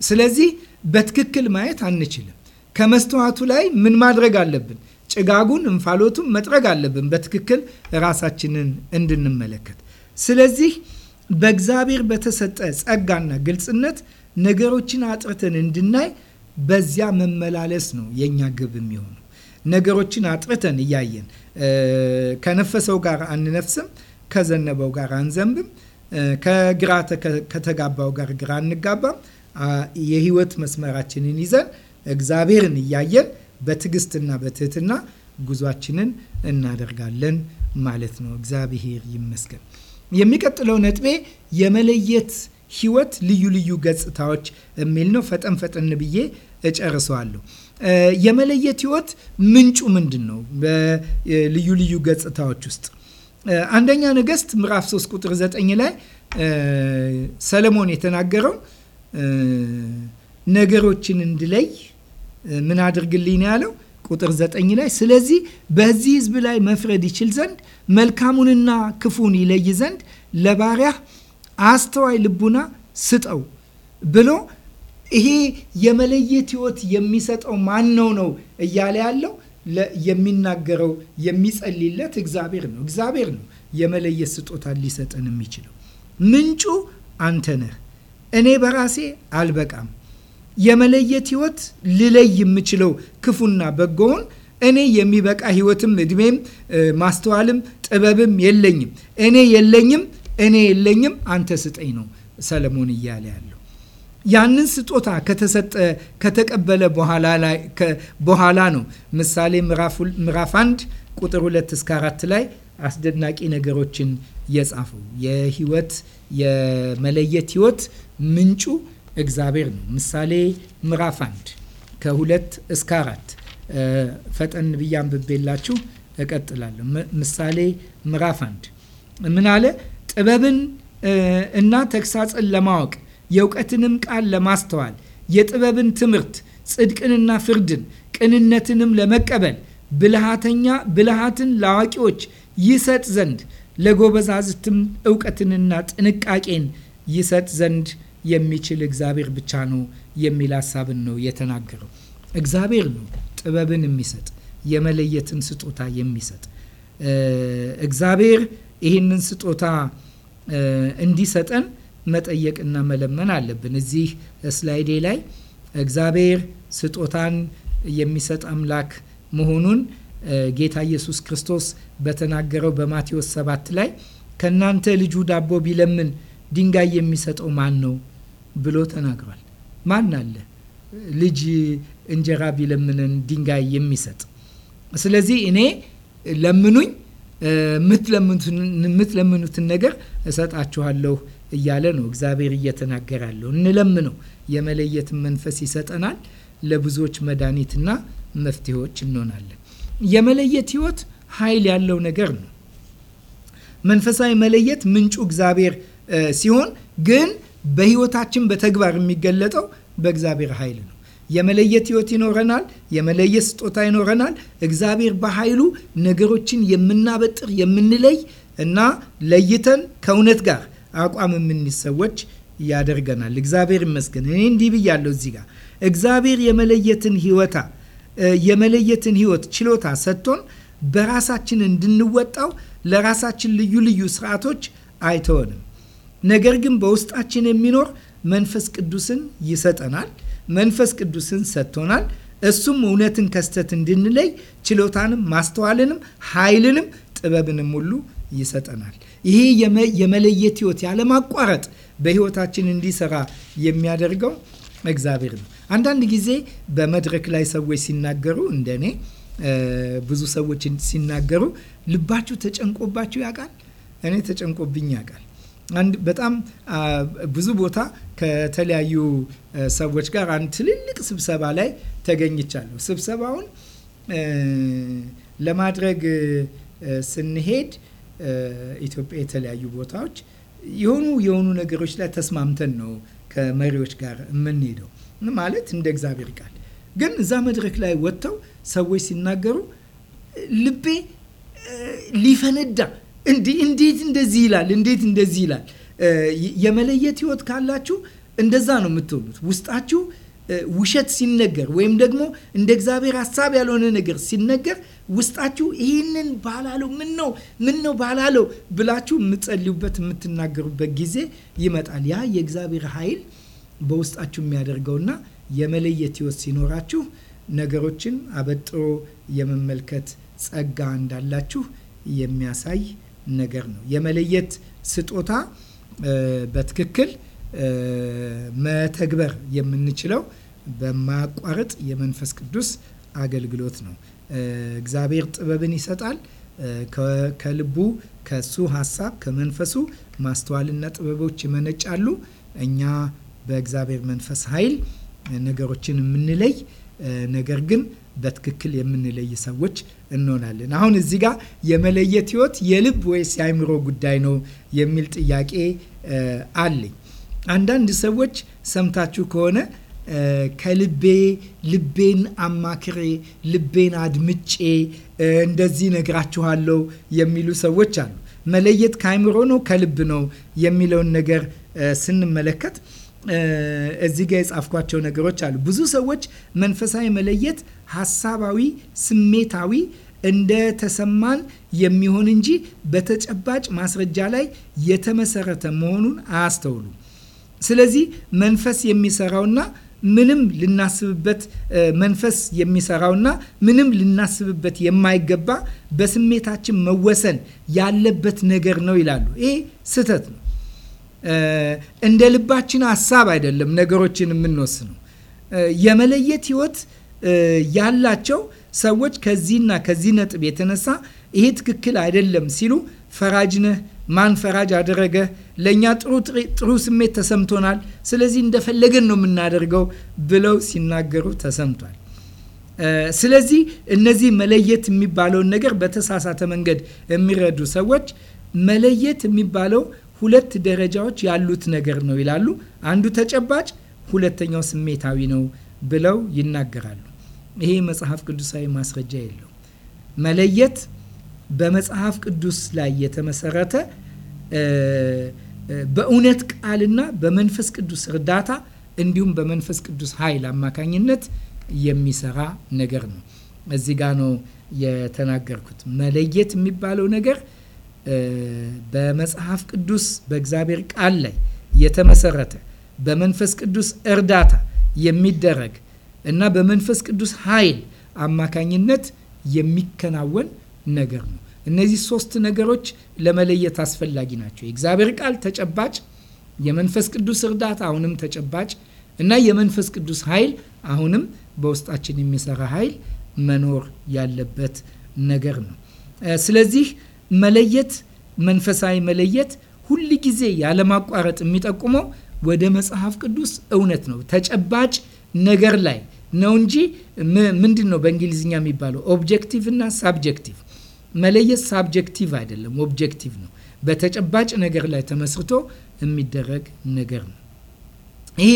ስለዚህ በትክክል ማየት አንችልም። ከመስተዋቱ ላይ ምን ማድረግ አለብን? ጭጋጉን፣ እንፋሎቱን መጥረግ አለብን በትክክል ራሳችንን እንድንመለከት። ስለዚህ በእግዚአብሔር በተሰጠ ጸጋና ግልጽነት ነገሮችን አጥርተን እንድናይ በዚያ መመላለስ ነው የእኛ ግብ የሚሆኑ ነገሮችን አጥርተን እያየን ከነፈሰው ጋር አንነፍስም፣ ከዘነበው ጋር አንዘንብም፣ ከግራ ከተጋባው ጋር ግራ አንጋባም። የህይወት መስመራችንን ይዘን እግዚአብሔርን እያየን በትዕግስትና በትህትና ጉዟችንን እናደርጋለን ማለት ነው። እግዚአብሔር ይመስገን። የሚቀጥለው ነጥቤ የመለየት ህይወት ልዩ ልዩ ገጽታዎች የሚል ነው። ፈጠን ፈጠን ብዬ እጨርሰዋለሁ። የመለየት ህይወት ምንጩ ምንድን ነው? በልዩ ልዩ ገጽታዎች ውስጥ አንደኛ ነገሥት ምዕራፍ 3 ቁጥር 9 ላይ ሰለሞን የተናገረው ነገሮችን እንድለይ ምን አድርግልኝ ያለው? ቁጥር ዘጠኝ ላይ ስለዚህ በዚህ ህዝብ ላይ መፍረድ ይችል ዘንድ መልካሙንና ክፉን ይለይ ዘንድ ለባሪያህ አስተዋይ ልቡና ስጠው ብሎ ይሄ የመለየት ህይወት የሚሰጠው ማን ነው ነው እያለ ያለው የሚናገረው የሚጸልይለት እግዚአብሔር ነው። እግዚአብሔር ነው የመለየት ስጦታ ሊሰጠን የሚችለው። ምንጩ አንተ ነህ። እኔ በራሴ አልበቃም። የመለየት ህይወት ልለይ የምችለው ክፉና በጎውን እኔ የሚበቃ ህይወትም እድሜም ማስተዋልም ጥበብም የለኝም። እኔ የለኝም እኔ የለኝም አንተ ስጠኝ ነው ሰለሞን እያለ ያለው። ያንን ስጦታ ከተሰጠ ከተቀበለ በኋላ ነው ምሳሌ ምዕራፍ አንድ ቁጥር ሁለት እስከ አራት ላይ አስደናቂ ነገሮችን የጻፈው የህይወት የመለየት ህይወት ምንጩ እግዚአብሔር ነው። ምሳሌ ምዕራፍ አንድ ከሁለት እስከ አራት ፈጠን ብዬ አንብቤላችሁ እቀጥላለሁ። ምሳሌ ምዕራፍ አንድ ምን አለ? ጥበብን እና ተግሳጽን ለማወቅ የእውቀትንም ቃል ለማስተዋል የጥበብን ትምህርት ጽድቅንና ፍርድን ቅንነትንም ለመቀበል ብልሃተኛ ብልሃትን ለአዋቂዎች ይሰጥ ዘንድ ለጎበዛዝትም እውቀትንና ጥንቃቄን ይሰጥ ዘንድ የሚችል እግዚአብሔር ብቻ ነው የሚል ሀሳብን ነው የተናገረው። እግዚአብሔር ነው ጥበብን የሚሰጥ የመለየትን ስጦታ የሚሰጥ እግዚአብሔር ይህንን ስጦታ እንዲሰጠን መጠየቅና መለመን አለብን። እዚህ ስላይዴ ላይ እግዚአብሔር ስጦታን የሚሰጥ አምላክ መሆኑን ጌታ ኢየሱስ ክርስቶስ በተናገረው በማቴዎስ 7 ላይ ከእናንተ ልጁ ዳቦ ቢለምን ድንጋይ የሚሰጠው ማን ነው ብሎ ተናግሯል። ማን አለ ልጅ እንጀራ ቢለምንን ድንጋይ የሚሰጥ? ስለዚህ እኔ ለምኑኝ የምትለምኑትን ነገር እሰጣችኋለሁ እያለ ነው እግዚአብሔር እየተናገራለሁ። እንለምነው፣ የመለየትን መንፈስ ይሰጠናል። ለብዙዎች መድኃኒትና መፍትሄዎች እንሆናለን። የመለየት ህይወት ኃይል ያለው ነገር ነው። መንፈሳዊ መለየት ምንጩ እግዚአብሔር ሲሆን ግን በህይወታችን በተግባር የሚገለጠው በእግዚአብሔር ኃይል ነው። የመለየት ህይወት ይኖረናል። የመለየት ስጦታ ይኖረናል። እግዚአብሔር በኃይሉ ነገሮችን የምናበጥር የምንለይ እና ለይተን ከእውነት ጋር አቋም የምንይዝ ሰዎች ያደርገናል። እግዚአብሔር ይመስገን። እኔ እንዲህ ብያለሁ እዚህ ጋር እግዚአብሔር የመለየትን ህይወታ የመለየትን ህይወት ችሎታ ሰጥቶን በራሳችን እንድንወጣው ለራሳችን ልዩ ልዩ ስርዓቶች አይተወንም። ነገር ግን በውስጣችን የሚኖር መንፈስ ቅዱስን ይሰጠናል። መንፈስ ቅዱስን ሰጥቶናል። እሱም እውነትን ከስተት እንድንለይ ችሎታንም፣ ማስተዋልንም፣ ኃይልንም ጥበብንም ሁሉ ይሰጠናል። ይሄ የመለየት ህይወት ያለማቋረጥ በህይወታችን እንዲሰራ የሚያደርገው እግዚአብሔር ነው። አንዳንድ ጊዜ በመድረክ ላይ ሰዎች ሲናገሩ እንደ እኔ ብዙ ሰዎች ሲናገሩ ልባችሁ ተጨንቆባችሁ ያውቃል? እኔ ተጨንቆብኝ ያውቃል። አንድ በጣም ብዙ ቦታ ከተለያዩ ሰዎች ጋር አንድ ትልልቅ ስብሰባ ላይ ተገኝቻለሁ። ስብሰባውን ለማድረግ ስንሄድ ኢትዮጵያ የተለያዩ ቦታዎች የሆኑ የሆኑ ነገሮች ላይ ተስማምተን ነው ከመሪዎች ጋር የምንሄደው ማለት እንደ እግዚአብሔር ቃል። ግን እዛ መድረክ ላይ ወጥተው ሰዎች ሲናገሩ ልቤ ሊፈነዳ እንዴት እንደዚህ ይላል፣ እንዴት እንደዚህ ይላል። የመለየት ህይወት ካላችሁ እንደዛ ነው የምትሆኑት። ውስጣችሁ ውሸት ሲነገር ወይም ደግሞ እንደ እግዚአብሔር ሀሳብ ያልሆነ ነገር ሲነገር ውስጣችሁ ይህንን ባላለው ምን ነው ምን ነው ባላለው ብላችሁ የምትጸልዩበት የምትናገሩበት ጊዜ ይመጣል። ያ የእግዚአብሔር ኃይል በውስጣችሁ የሚያደርገውና የመለየት ህይወት ሲኖራችሁ ነገሮችን አበጥሮ የመመልከት ጸጋ እንዳላችሁ የሚያሳይ ነገር ነው። የመለየት ስጦታ በትክክል መተግበር የምንችለው በማያቋርጥ የመንፈስ ቅዱስ አገልግሎት ነው። እግዚአብሔር ጥበብን ይሰጣል። ከልቡ ከሱ ሀሳብ ከመንፈሱ ማስተዋልና ጥበቦች ይመነጫሉ። እኛ በእግዚአብሔር መንፈስ ኃይል ነገሮችን የምንለይ ነገር ግን በትክክል የምንለይ ሰዎች እንሆናለን። አሁን እዚ ጋ የመለየት ህይወት የልብ ወይስ የአእምሮ ጉዳይ ነው የሚል ጥያቄ አለኝ። አንዳንድ ሰዎች ሰምታችሁ ከሆነ ከልቤ ልቤን አማክሬ ልቤን አድምጬ እንደዚህ ነግራችኋለሁ የሚሉ ሰዎች አሉ። መለየት ከአእምሮ ነው ከልብ ነው የሚለውን ነገር ስንመለከት እዚህ ጋር የጻፍኳቸው ነገሮች አሉ። ብዙ ሰዎች መንፈሳዊ መለየት ሀሳባዊ፣ ስሜታዊ እንደተሰማን የሚሆን እንጂ በተጨባጭ ማስረጃ ላይ የተመሰረተ መሆኑን አያስተውሉ። ስለዚህ መንፈስ የሚሰራውና ምንም ልናስብበት መንፈስ የሚሰራውና ምንም ልናስብበት የማይገባ በስሜታችን መወሰን ያለበት ነገር ነው ይላሉ። ይሄ ስህተት ነው። እንደ ልባችን ሀሳብ አይደለም ነገሮችን የምንወስነው። የመለየት ህይወት ያላቸው ሰዎች ከዚህና ከዚህ ነጥብ የተነሳ ይሄ ትክክል አይደለም ሲሉ ፈራጅ ነህ፣ ማን ፈራጅ አደረገ፣ ለእኛ ጥሩ ጥሩ ስሜት ተሰምቶናል፣ ስለዚህ እንደፈለገን ነው የምናደርገው ብለው ሲናገሩ ተሰምቷል። ስለዚህ እነዚህ መለየት የሚባለውን ነገር በተሳሳተ መንገድ የሚረዱ ሰዎች መለየት የሚባለው ሁለት ደረጃዎች ያሉት ነገር ነው ይላሉ። አንዱ ተጨባጭ፣ ሁለተኛው ስሜታዊ ነው ብለው ይናገራሉ። ይሄ መጽሐፍ ቅዱሳዊ ማስረጃ የለው። መለየት በመጽሐፍ ቅዱስ ላይ የተመሰረተ በእውነት ቃልና በመንፈስ ቅዱስ እርዳታ እንዲሁም በመንፈስ ቅዱስ ኃይል አማካኝነት የሚሰራ ነገር ነው። እዚህ ጋ ነው የተናገርኩት። መለየት የሚባለው ነገር በመጽሐፍ ቅዱስ በእግዚአብሔር ቃል ላይ የተመሰረተ በመንፈስ ቅዱስ እርዳታ የሚደረግ እና በመንፈስ ቅዱስ ኃይል አማካኝነት የሚከናወን ነገር ነው። እነዚህ ሶስት ነገሮች ለመለየት አስፈላጊ ናቸው። የእግዚአብሔር ቃል ተጨባጭ፣ የመንፈስ ቅዱስ እርዳታ አሁንም ተጨባጭ እና የመንፈስ ቅዱስ ኃይል አሁንም በውስጣችን የሚሰራ ኃይል መኖር ያለበት ነገር ነው። ስለዚህ መለየት መንፈሳዊ መለየት ሁል ጊዜ ያለማቋረጥ የሚጠቁመው ወደ መጽሐፍ ቅዱስ እውነት ነው፣ ተጨባጭ ነገር ላይ ነው እንጂ ምንድን ነው በእንግሊዝኛ የሚባለው ኦብጀክቲቭ እና ሳብጀክቲቭ። መለየት ሳብጀክቲቭ አይደለም፣ ኦብጀክቲቭ ነው። በተጨባጭ ነገር ላይ ተመስርቶ የሚደረግ ነገር ነው። ይሄ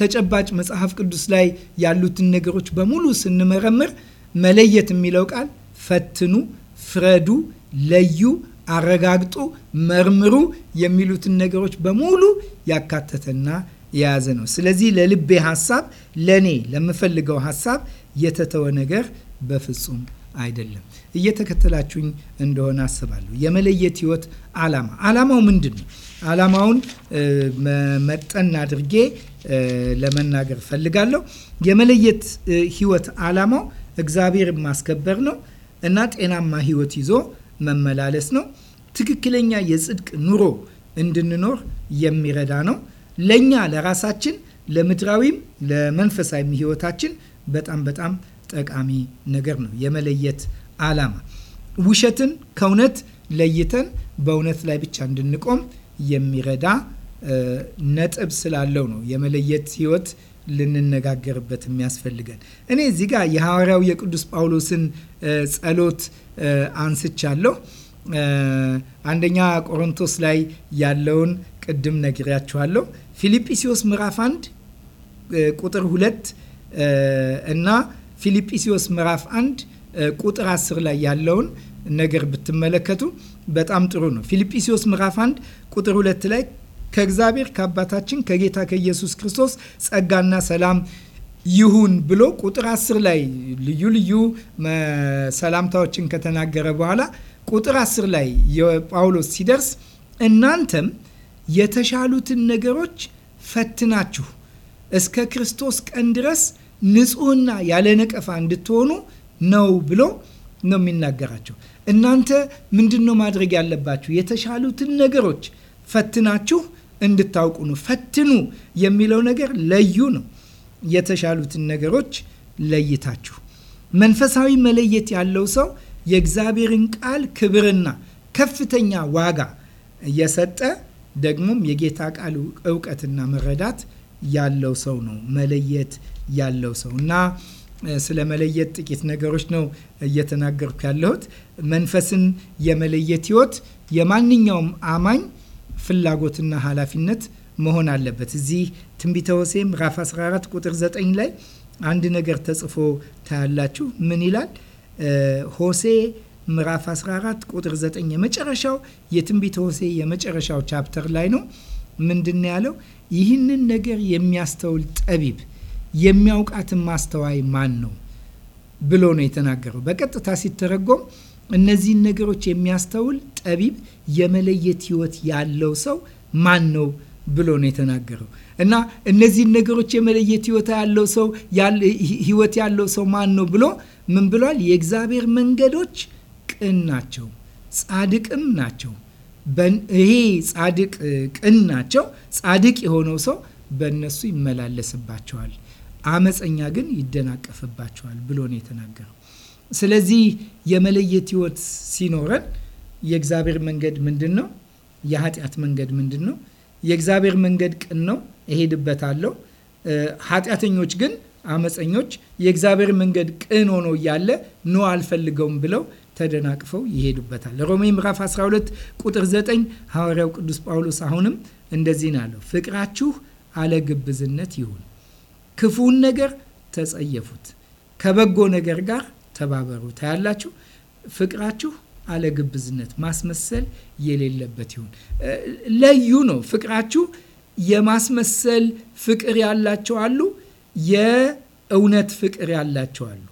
ተጨባጭ መጽሐፍ ቅዱስ ላይ ያሉትን ነገሮች በሙሉ ስንመረምር መለየት የሚለው ቃል ፈትኑ፣ ፍረዱ፣ ለዩ፣ አረጋግጡ፣ መርምሩ የሚሉትን ነገሮች በሙሉ ያካተተና የያዘ ነው። ስለዚህ ለልቤ ሀሳብ፣ ለእኔ ለምፈልገው ሀሳብ የተተወ ነገር በፍጹም አይደለም። እየተከተላችሁኝ እንደሆነ አስባለሁ። የመለየት ህይወት አላማ አላማው ምንድን ነው? አላማውን መጠን አድርጌ ለመናገር ፈልጋለሁ። የመለየት ህይወት አላማው እግዚአብሔር ማስከበር ነው እና ጤናማ ህይወት ይዞ መመላለስ ነው። ትክክለኛ የጽድቅ ኑሮ እንድንኖር የሚረዳ ነው። ለእኛ ለራሳችን ለምድራዊም ለመንፈሳዊም ህይወታችን በጣም በጣም ጠቃሚ ነገር ነው። የመለየት አላማ ውሸትን ከእውነት ለይተን በእውነት ላይ ብቻ እንድንቆም የሚረዳ ነጥብ ስላለው ነው የመለየት ህይወት ልንነጋገርበት የሚያስፈልገን። እኔ እዚህ ጋር የሐዋርያው የቅዱስ ጳውሎስን ጸሎት አንስቻለሁ። አንደኛ ቆሮንቶስ ላይ ያለውን ቅድም ነግሬያችኋለሁ። ፊልጵስዩስ ምዕራፍ 1 ቁጥር 2 እና ፊልጵስዩስ ምዕራፍ 1 ቁጥር 10 ላይ ያለውን ነገር ብትመለከቱ በጣም ጥሩ ነው። ፊልጵስዩስ ምዕራፍ 1 ቁጥር 2 ላይ ከእግዚአብሔር ከአባታችን ከጌታ ከኢየሱስ ክርስቶስ ጸጋና ሰላም ይሁን ብሎ ቁጥር አስር ላይ ልዩ ልዩ ሰላምታዎችን ከተናገረ በኋላ ቁጥር አስር ላይ የጳውሎስ ሲደርስ እናንተም የተሻሉትን ነገሮች ፈትናችሁ እስከ ክርስቶስ ቀን ድረስ ንጹህና ያለ ነቀፋ እንድትሆኑ ነው ብሎ ነው የሚናገራቸው። እናንተ ምንድን ነው ማድረግ ያለባችሁ? የተሻሉትን ነገሮች ፈትናችሁ እንድታውቁ ነው። ፈትኑ የሚለው ነገር ለዩ ነው። የተሻሉትን ነገሮች ለይታችሁ መንፈሳዊ መለየት ያለው ሰው የእግዚአብሔርን ቃል ክብርና ከፍተኛ ዋጋ የሰጠ ደግሞም የጌታ ቃል እውቀትና መረዳት ያለው ሰው ነው። መለየት ያለው ሰው እና ስለ መለየት ጥቂት ነገሮች ነው እየተናገርኩ ያለሁት። መንፈስን የመለየት ህይወት የማንኛውም አማኝ ፍላጎትና ኃላፊነት መሆን አለበት። እዚህ ትንቢተ ሆሴ ምዕራፍ 14 ቁጥር 9 ላይ አንድ ነገር ተጽፎ ታያላችሁ። ምን ይላል? ሆሴ ምዕራፍ 14 ቁጥር 9 የመጨረሻው የትንቢተ ሆሴ የመጨረሻው ቻፕተር ላይ ነው። ምንድን ያለው? ይህንን ነገር የሚያስተውል ጠቢብ የሚያውቃትን ማስተዋይ ማን ነው ብሎ ነው የተናገረው። በቀጥታ ሲተረጎም እነዚህን ነገሮች የሚያስተውል ጠቢብ የመለየት ህይወት ያለው ሰው ማን ነው ብሎ ነው የተናገረው። እና እነዚህን ነገሮች የመለየት ህይወት ያለው ሰው ህይወት ያለው ሰው ማን ነው ብሎ ምን ብሏል? የእግዚአብሔር መንገዶች ቅን ናቸው፣ ጻድቅም ናቸው። ይሄ ጻድቅ ቅን ናቸው። ጻድቅ የሆነው ሰው በእነሱ ይመላለስባቸዋል፣ አመፀኛ ግን ይደናቀፍባቸዋል ብሎ ነው የተናገረው። ስለዚህ የመለየት ህይወት ሲኖረን የእግዚአብሔር መንገድ ምንድን ነው? የኃጢአት መንገድ ምንድን ነው? የእግዚአብሔር መንገድ ቅን ነው፣ እሄድበታለሁ። ኃጢአተኞች ግን አመፀኞች የእግዚአብሔር መንገድ ቅን ሆኖ እያለ ኖ አልፈልገውም ብለው ተደናቅፈው ይሄዱበታል። ሮሜ ምዕራፍ 12 ቁጥር 9 ሐዋርያው ቅዱስ ጳውሎስ አሁንም እንደዚህ ነው ያለው፣ ፍቅራችሁ አለግብዝነት ይሁን፣ ክፉውን ነገር ተጸየፉት፣ ከበጎ ነገር ጋር ተባበሩ። ታያላችሁ ፍቅራችሁ አለግብዝነት ማስመሰል የሌለበት ይሁን። ለዩ ነው ፍቅራችሁ። የማስመሰል ፍቅር ያላቸው አሉ፣ የእውነት ፍቅር ያላቸው አሉ።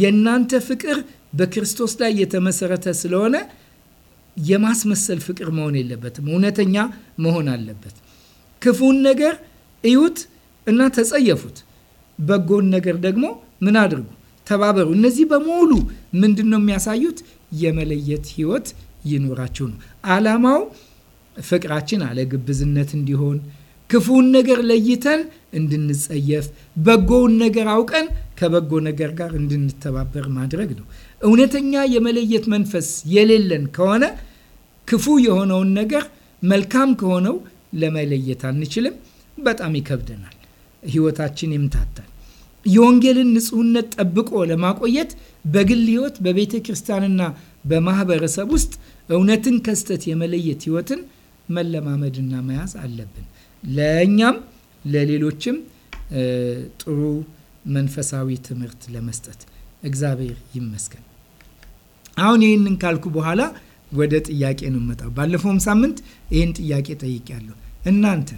የእናንተ ፍቅር በክርስቶስ ላይ የተመሰረተ ስለሆነ የማስመሰል ፍቅር መሆን የለበትም። እውነተኛ መሆን አለበት። ክፉን ነገር እዩት እና ተጸየፉት። በጎን ነገር ደግሞ ምን አድርጉ ተባበሩ። እነዚህ በሙሉ ምንድን ነው የሚያሳዩት? የመለየት ህይወት ይኖራችሁ ነው። አላማው ፍቅራችን አለ ግብዝነት እንዲሆን ክፉውን ነገር ለይተን እንድንጸየፍ በጎውን ነገር አውቀን ከበጎ ነገር ጋር እንድንተባበር ማድረግ ነው። እውነተኛ የመለየት መንፈስ የሌለን ከሆነ ክፉ የሆነውን ነገር መልካም ከሆነው ለመለየት አንችልም። በጣም ይከብደናል። ህይወታችን ይምታታል። የወንጌልን ንጹህነት ጠብቆ ለማቆየት በግል ህይወት በቤተ ክርስቲያንና በማህበረሰብ ውስጥ እውነትን ከስተት የመለየት ህይወትን መለማመድና መያዝ አለብን። ለእኛም ለሌሎችም ጥሩ መንፈሳዊ ትምህርት ለመስጠት እግዚአብሔር ይመስገን። አሁን ይህንን ካልኩ በኋላ ወደ ጥያቄ ነው የምመጣው። ባለፈውም ሳምንት ይህን ጥያቄ ጠይቄያለሁ። እናንተ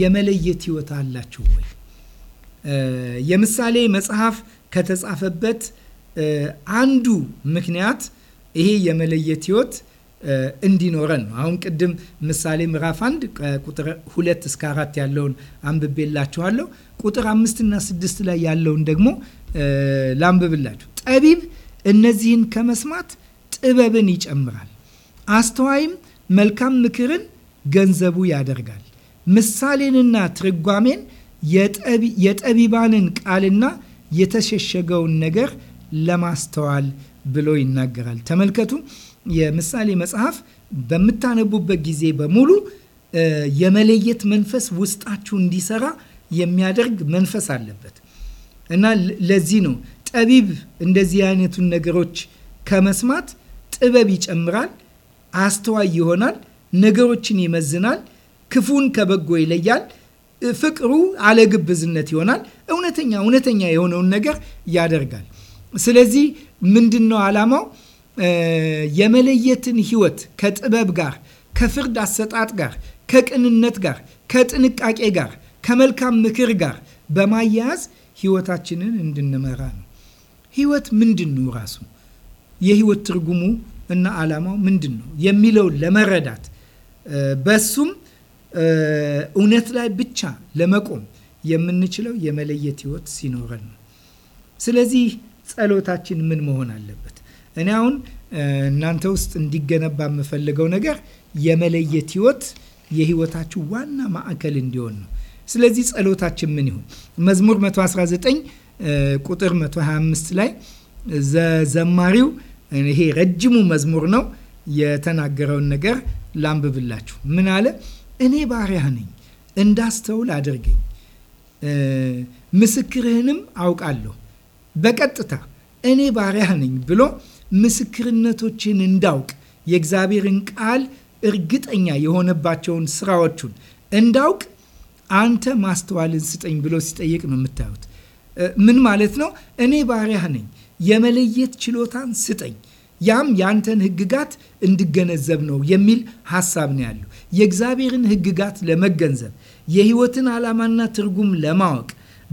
የመለየት ህይወት አላችሁ ወይ? የምሳሌ መጽሐፍ ከተጻፈበት አንዱ ምክንያት ይሄ የመለየት ህይወት እንዲኖረን ነው። አሁን ቅድም ምሳሌ ምዕራፍ አንድ ቁጥር ሁለት እስከ አራት ያለውን አንብቤላችኋለሁ። ቁጥር አምስትና ስድስት ላይ ያለውን ደግሞ ላንብብላችሁ። ጠቢብ እነዚህን ከመስማት ጥበብን ይጨምራል፣ አስተዋይም መልካም ምክርን ገንዘቡ ያደርጋል። ምሳሌንና ትርጓሜን የጠቢባንን ቃልና የተሸሸገውን ነገር ለማስተዋል ብሎ ይናገራል። ተመልከቱ። የምሳሌ መጽሐፍ በምታነቡበት ጊዜ በሙሉ የመለየት መንፈስ ውስጣችሁ እንዲሰራ የሚያደርግ መንፈስ አለበት እና ለዚህ ነው ጠቢብ እንደዚህ አይነቱን ነገሮች ከመስማት ጥበብ ይጨምራል፣ አስተዋይ ይሆናል፣ ነገሮችን ይመዝናል፣ ክፉን ከበጎ ይለያል ፍቅሩ አለግብዝነት ይሆናል። እውነተኛ እውነተኛ የሆነውን ነገር ያደርጋል። ስለዚህ ምንድን ነው ዓላማው? የመለየትን ህይወት ከጥበብ ጋር፣ ከፍርድ አሰጣጥ ጋር፣ ከቅንነት ጋር፣ ከጥንቃቄ ጋር፣ ከመልካም ምክር ጋር በማያያዝ ህይወታችንን እንድንመራ ነው። ህይወት ምንድን ነው? ራሱ የህይወት ትርጉሙ እና ዓላማው ምንድን ነው የሚለውን ለመረዳት በሱም እውነት ላይ ብቻ ለመቆም የምንችለው የመለየት ህይወት ሲኖረን ነው። ስለዚህ ጸሎታችን ምን መሆን አለበት? እኔ አሁን እናንተ ውስጥ እንዲገነባ የምፈልገው ነገር የመለየት ህይወት የህይወታችሁ ዋና ማዕከል እንዲሆን ነው። ስለዚህ ጸሎታችን ምን ይሁን? መዝሙር 119 ቁጥር 125 ላይ ዘማሪው ይሄ ረጅሙ መዝሙር ነው የተናገረውን ነገር ላንብብላችሁ። ምን አለ? እኔ ባሪያህ ነኝ፣ እንዳስተውል አድርገኝ፣ ምስክርህንም አውቃለሁ። በቀጥታ እኔ ባሪያህ ነኝ ብሎ ምስክርነቶችን እንዳውቅ የእግዚአብሔርን ቃል እርግጠኛ የሆነባቸውን ስራዎቹን እንዳውቅ አንተ ማስተዋልን ስጠኝ ብሎ ሲጠይቅ ነው የምታዩት። ምን ማለት ነው? እኔ ባሪያህ ነኝ፣ የመለየት ችሎታን ስጠኝ ያም ያንተን ህግጋት እንድገነዘብ ነው የሚል ሀሳብ ነው ያለው። የእግዚአብሔርን ህግጋት ለመገንዘብ የህይወትን ዓላማና ትርጉም ለማወቅ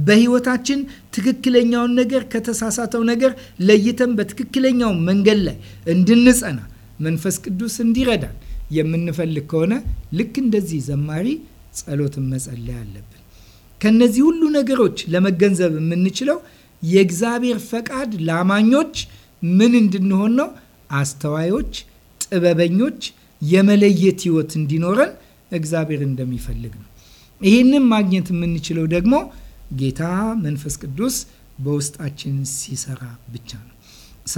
በህይወታችን ትክክለኛውን ነገር ከተሳሳተው ነገር ለይተን በትክክለኛው መንገድ ላይ እንድንጸና መንፈስ ቅዱስ እንዲረዳን የምንፈልግ ከሆነ ልክ እንደዚህ ዘማሪ ጸሎትን መጸለይ አለብን። ከነዚህ ሁሉ ነገሮች ለመገንዘብ የምንችለው የእግዚአብሔር ፈቃድ ለአማኞች ምን እንድንሆን ነው? አስተዋዮች፣ ጥበበኞች፣ የመለየት ህይወት እንዲኖረን እግዚአብሔር እንደሚፈልግ ነው። ይህንን ማግኘት የምንችለው ደግሞ ጌታ መንፈስ ቅዱስ በውስጣችን ሲሰራ ብቻ ነው።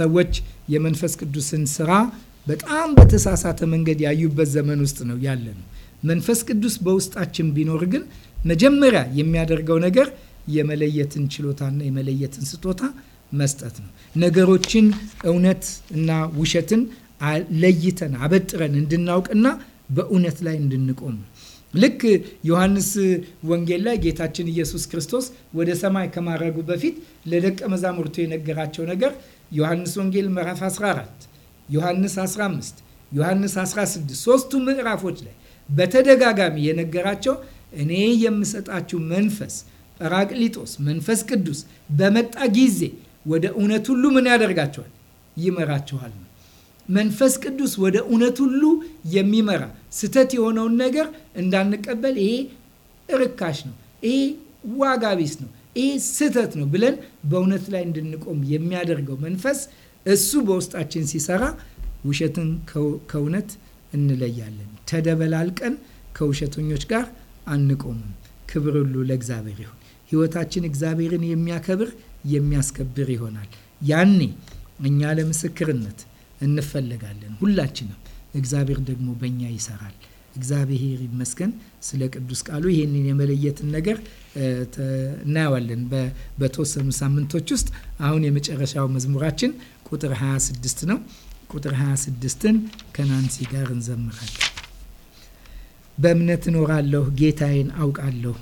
ሰዎች የመንፈስ ቅዱስን ስራ በጣም በተሳሳተ መንገድ ያዩበት ዘመን ውስጥ ነው ያለ ነው። መንፈስ ቅዱስ በውስጣችን ቢኖር ግን መጀመሪያ የሚያደርገው ነገር የመለየትን ችሎታና የመለየትን ስጦታ መስጠት ነው። ነገሮችን እውነት እና ውሸትን ለይተን አበጥረን እንድናውቅና በእውነት ላይ እንድንቆም ልክ ዮሐንስ ወንጌል ላይ ጌታችን ኢየሱስ ክርስቶስ ወደ ሰማይ ከማረጉ በፊት ለደቀ መዛሙርቱ የነገራቸው ነገር ዮሐንስ ወንጌል ምዕራፍ 14፣ ዮሐንስ 15፣ ዮሐንስ 16 ሶስቱ ምዕራፎች ላይ በተደጋጋሚ የነገራቸው እኔ የምሰጣችሁ መንፈስ ጰራቅሊጦስ መንፈስ ቅዱስ በመጣ ጊዜ ወደ እውነት ሁሉ ምን ያደርጋቸዋል? ይመራችኋል ነው። መንፈስ ቅዱስ ወደ እውነት ሁሉ የሚመራ ስህተት የሆነውን ነገር እንዳንቀበል፣ ይሄ እርካሽ ነው፣ ይሄ ዋጋ ቢስ ነው፣ ይሄ ስህተት ነው ብለን በእውነት ላይ እንድንቆም የሚያደርገው መንፈስ እሱ በውስጣችን ሲሰራ ውሸትን ከእውነት እንለያለን። ተደበላልቀን ከውሸተኞች ጋር አንቆምም። ክብር ሁሉ ለእግዚአብሔር ይሁን። ህይወታችን እግዚአብሔርን የሚያከብር የሚያስከብር ይሆናል። ያኔ እኛ ለምስክርነት እንፈለጋለን ሁላችንም። እግዚአብሔር ደግሞ በእኛ ይሰራል። እግዚአብሔር ይመስገን ስለ ቅዱስ ቃሉ። ይህንን የመለየትን ነገር እናየዋለን በተወሰኑ ሳምንቶች ውስጥ። አሁን የመጨረሻው መዝሙራችን ቁጥር 26 ነው። ቁጥር 26ን ከናንሲ ጋር እንዘምራለን። በእምነት እኖራለሁ፣ ጌታዬን አውቃለሁ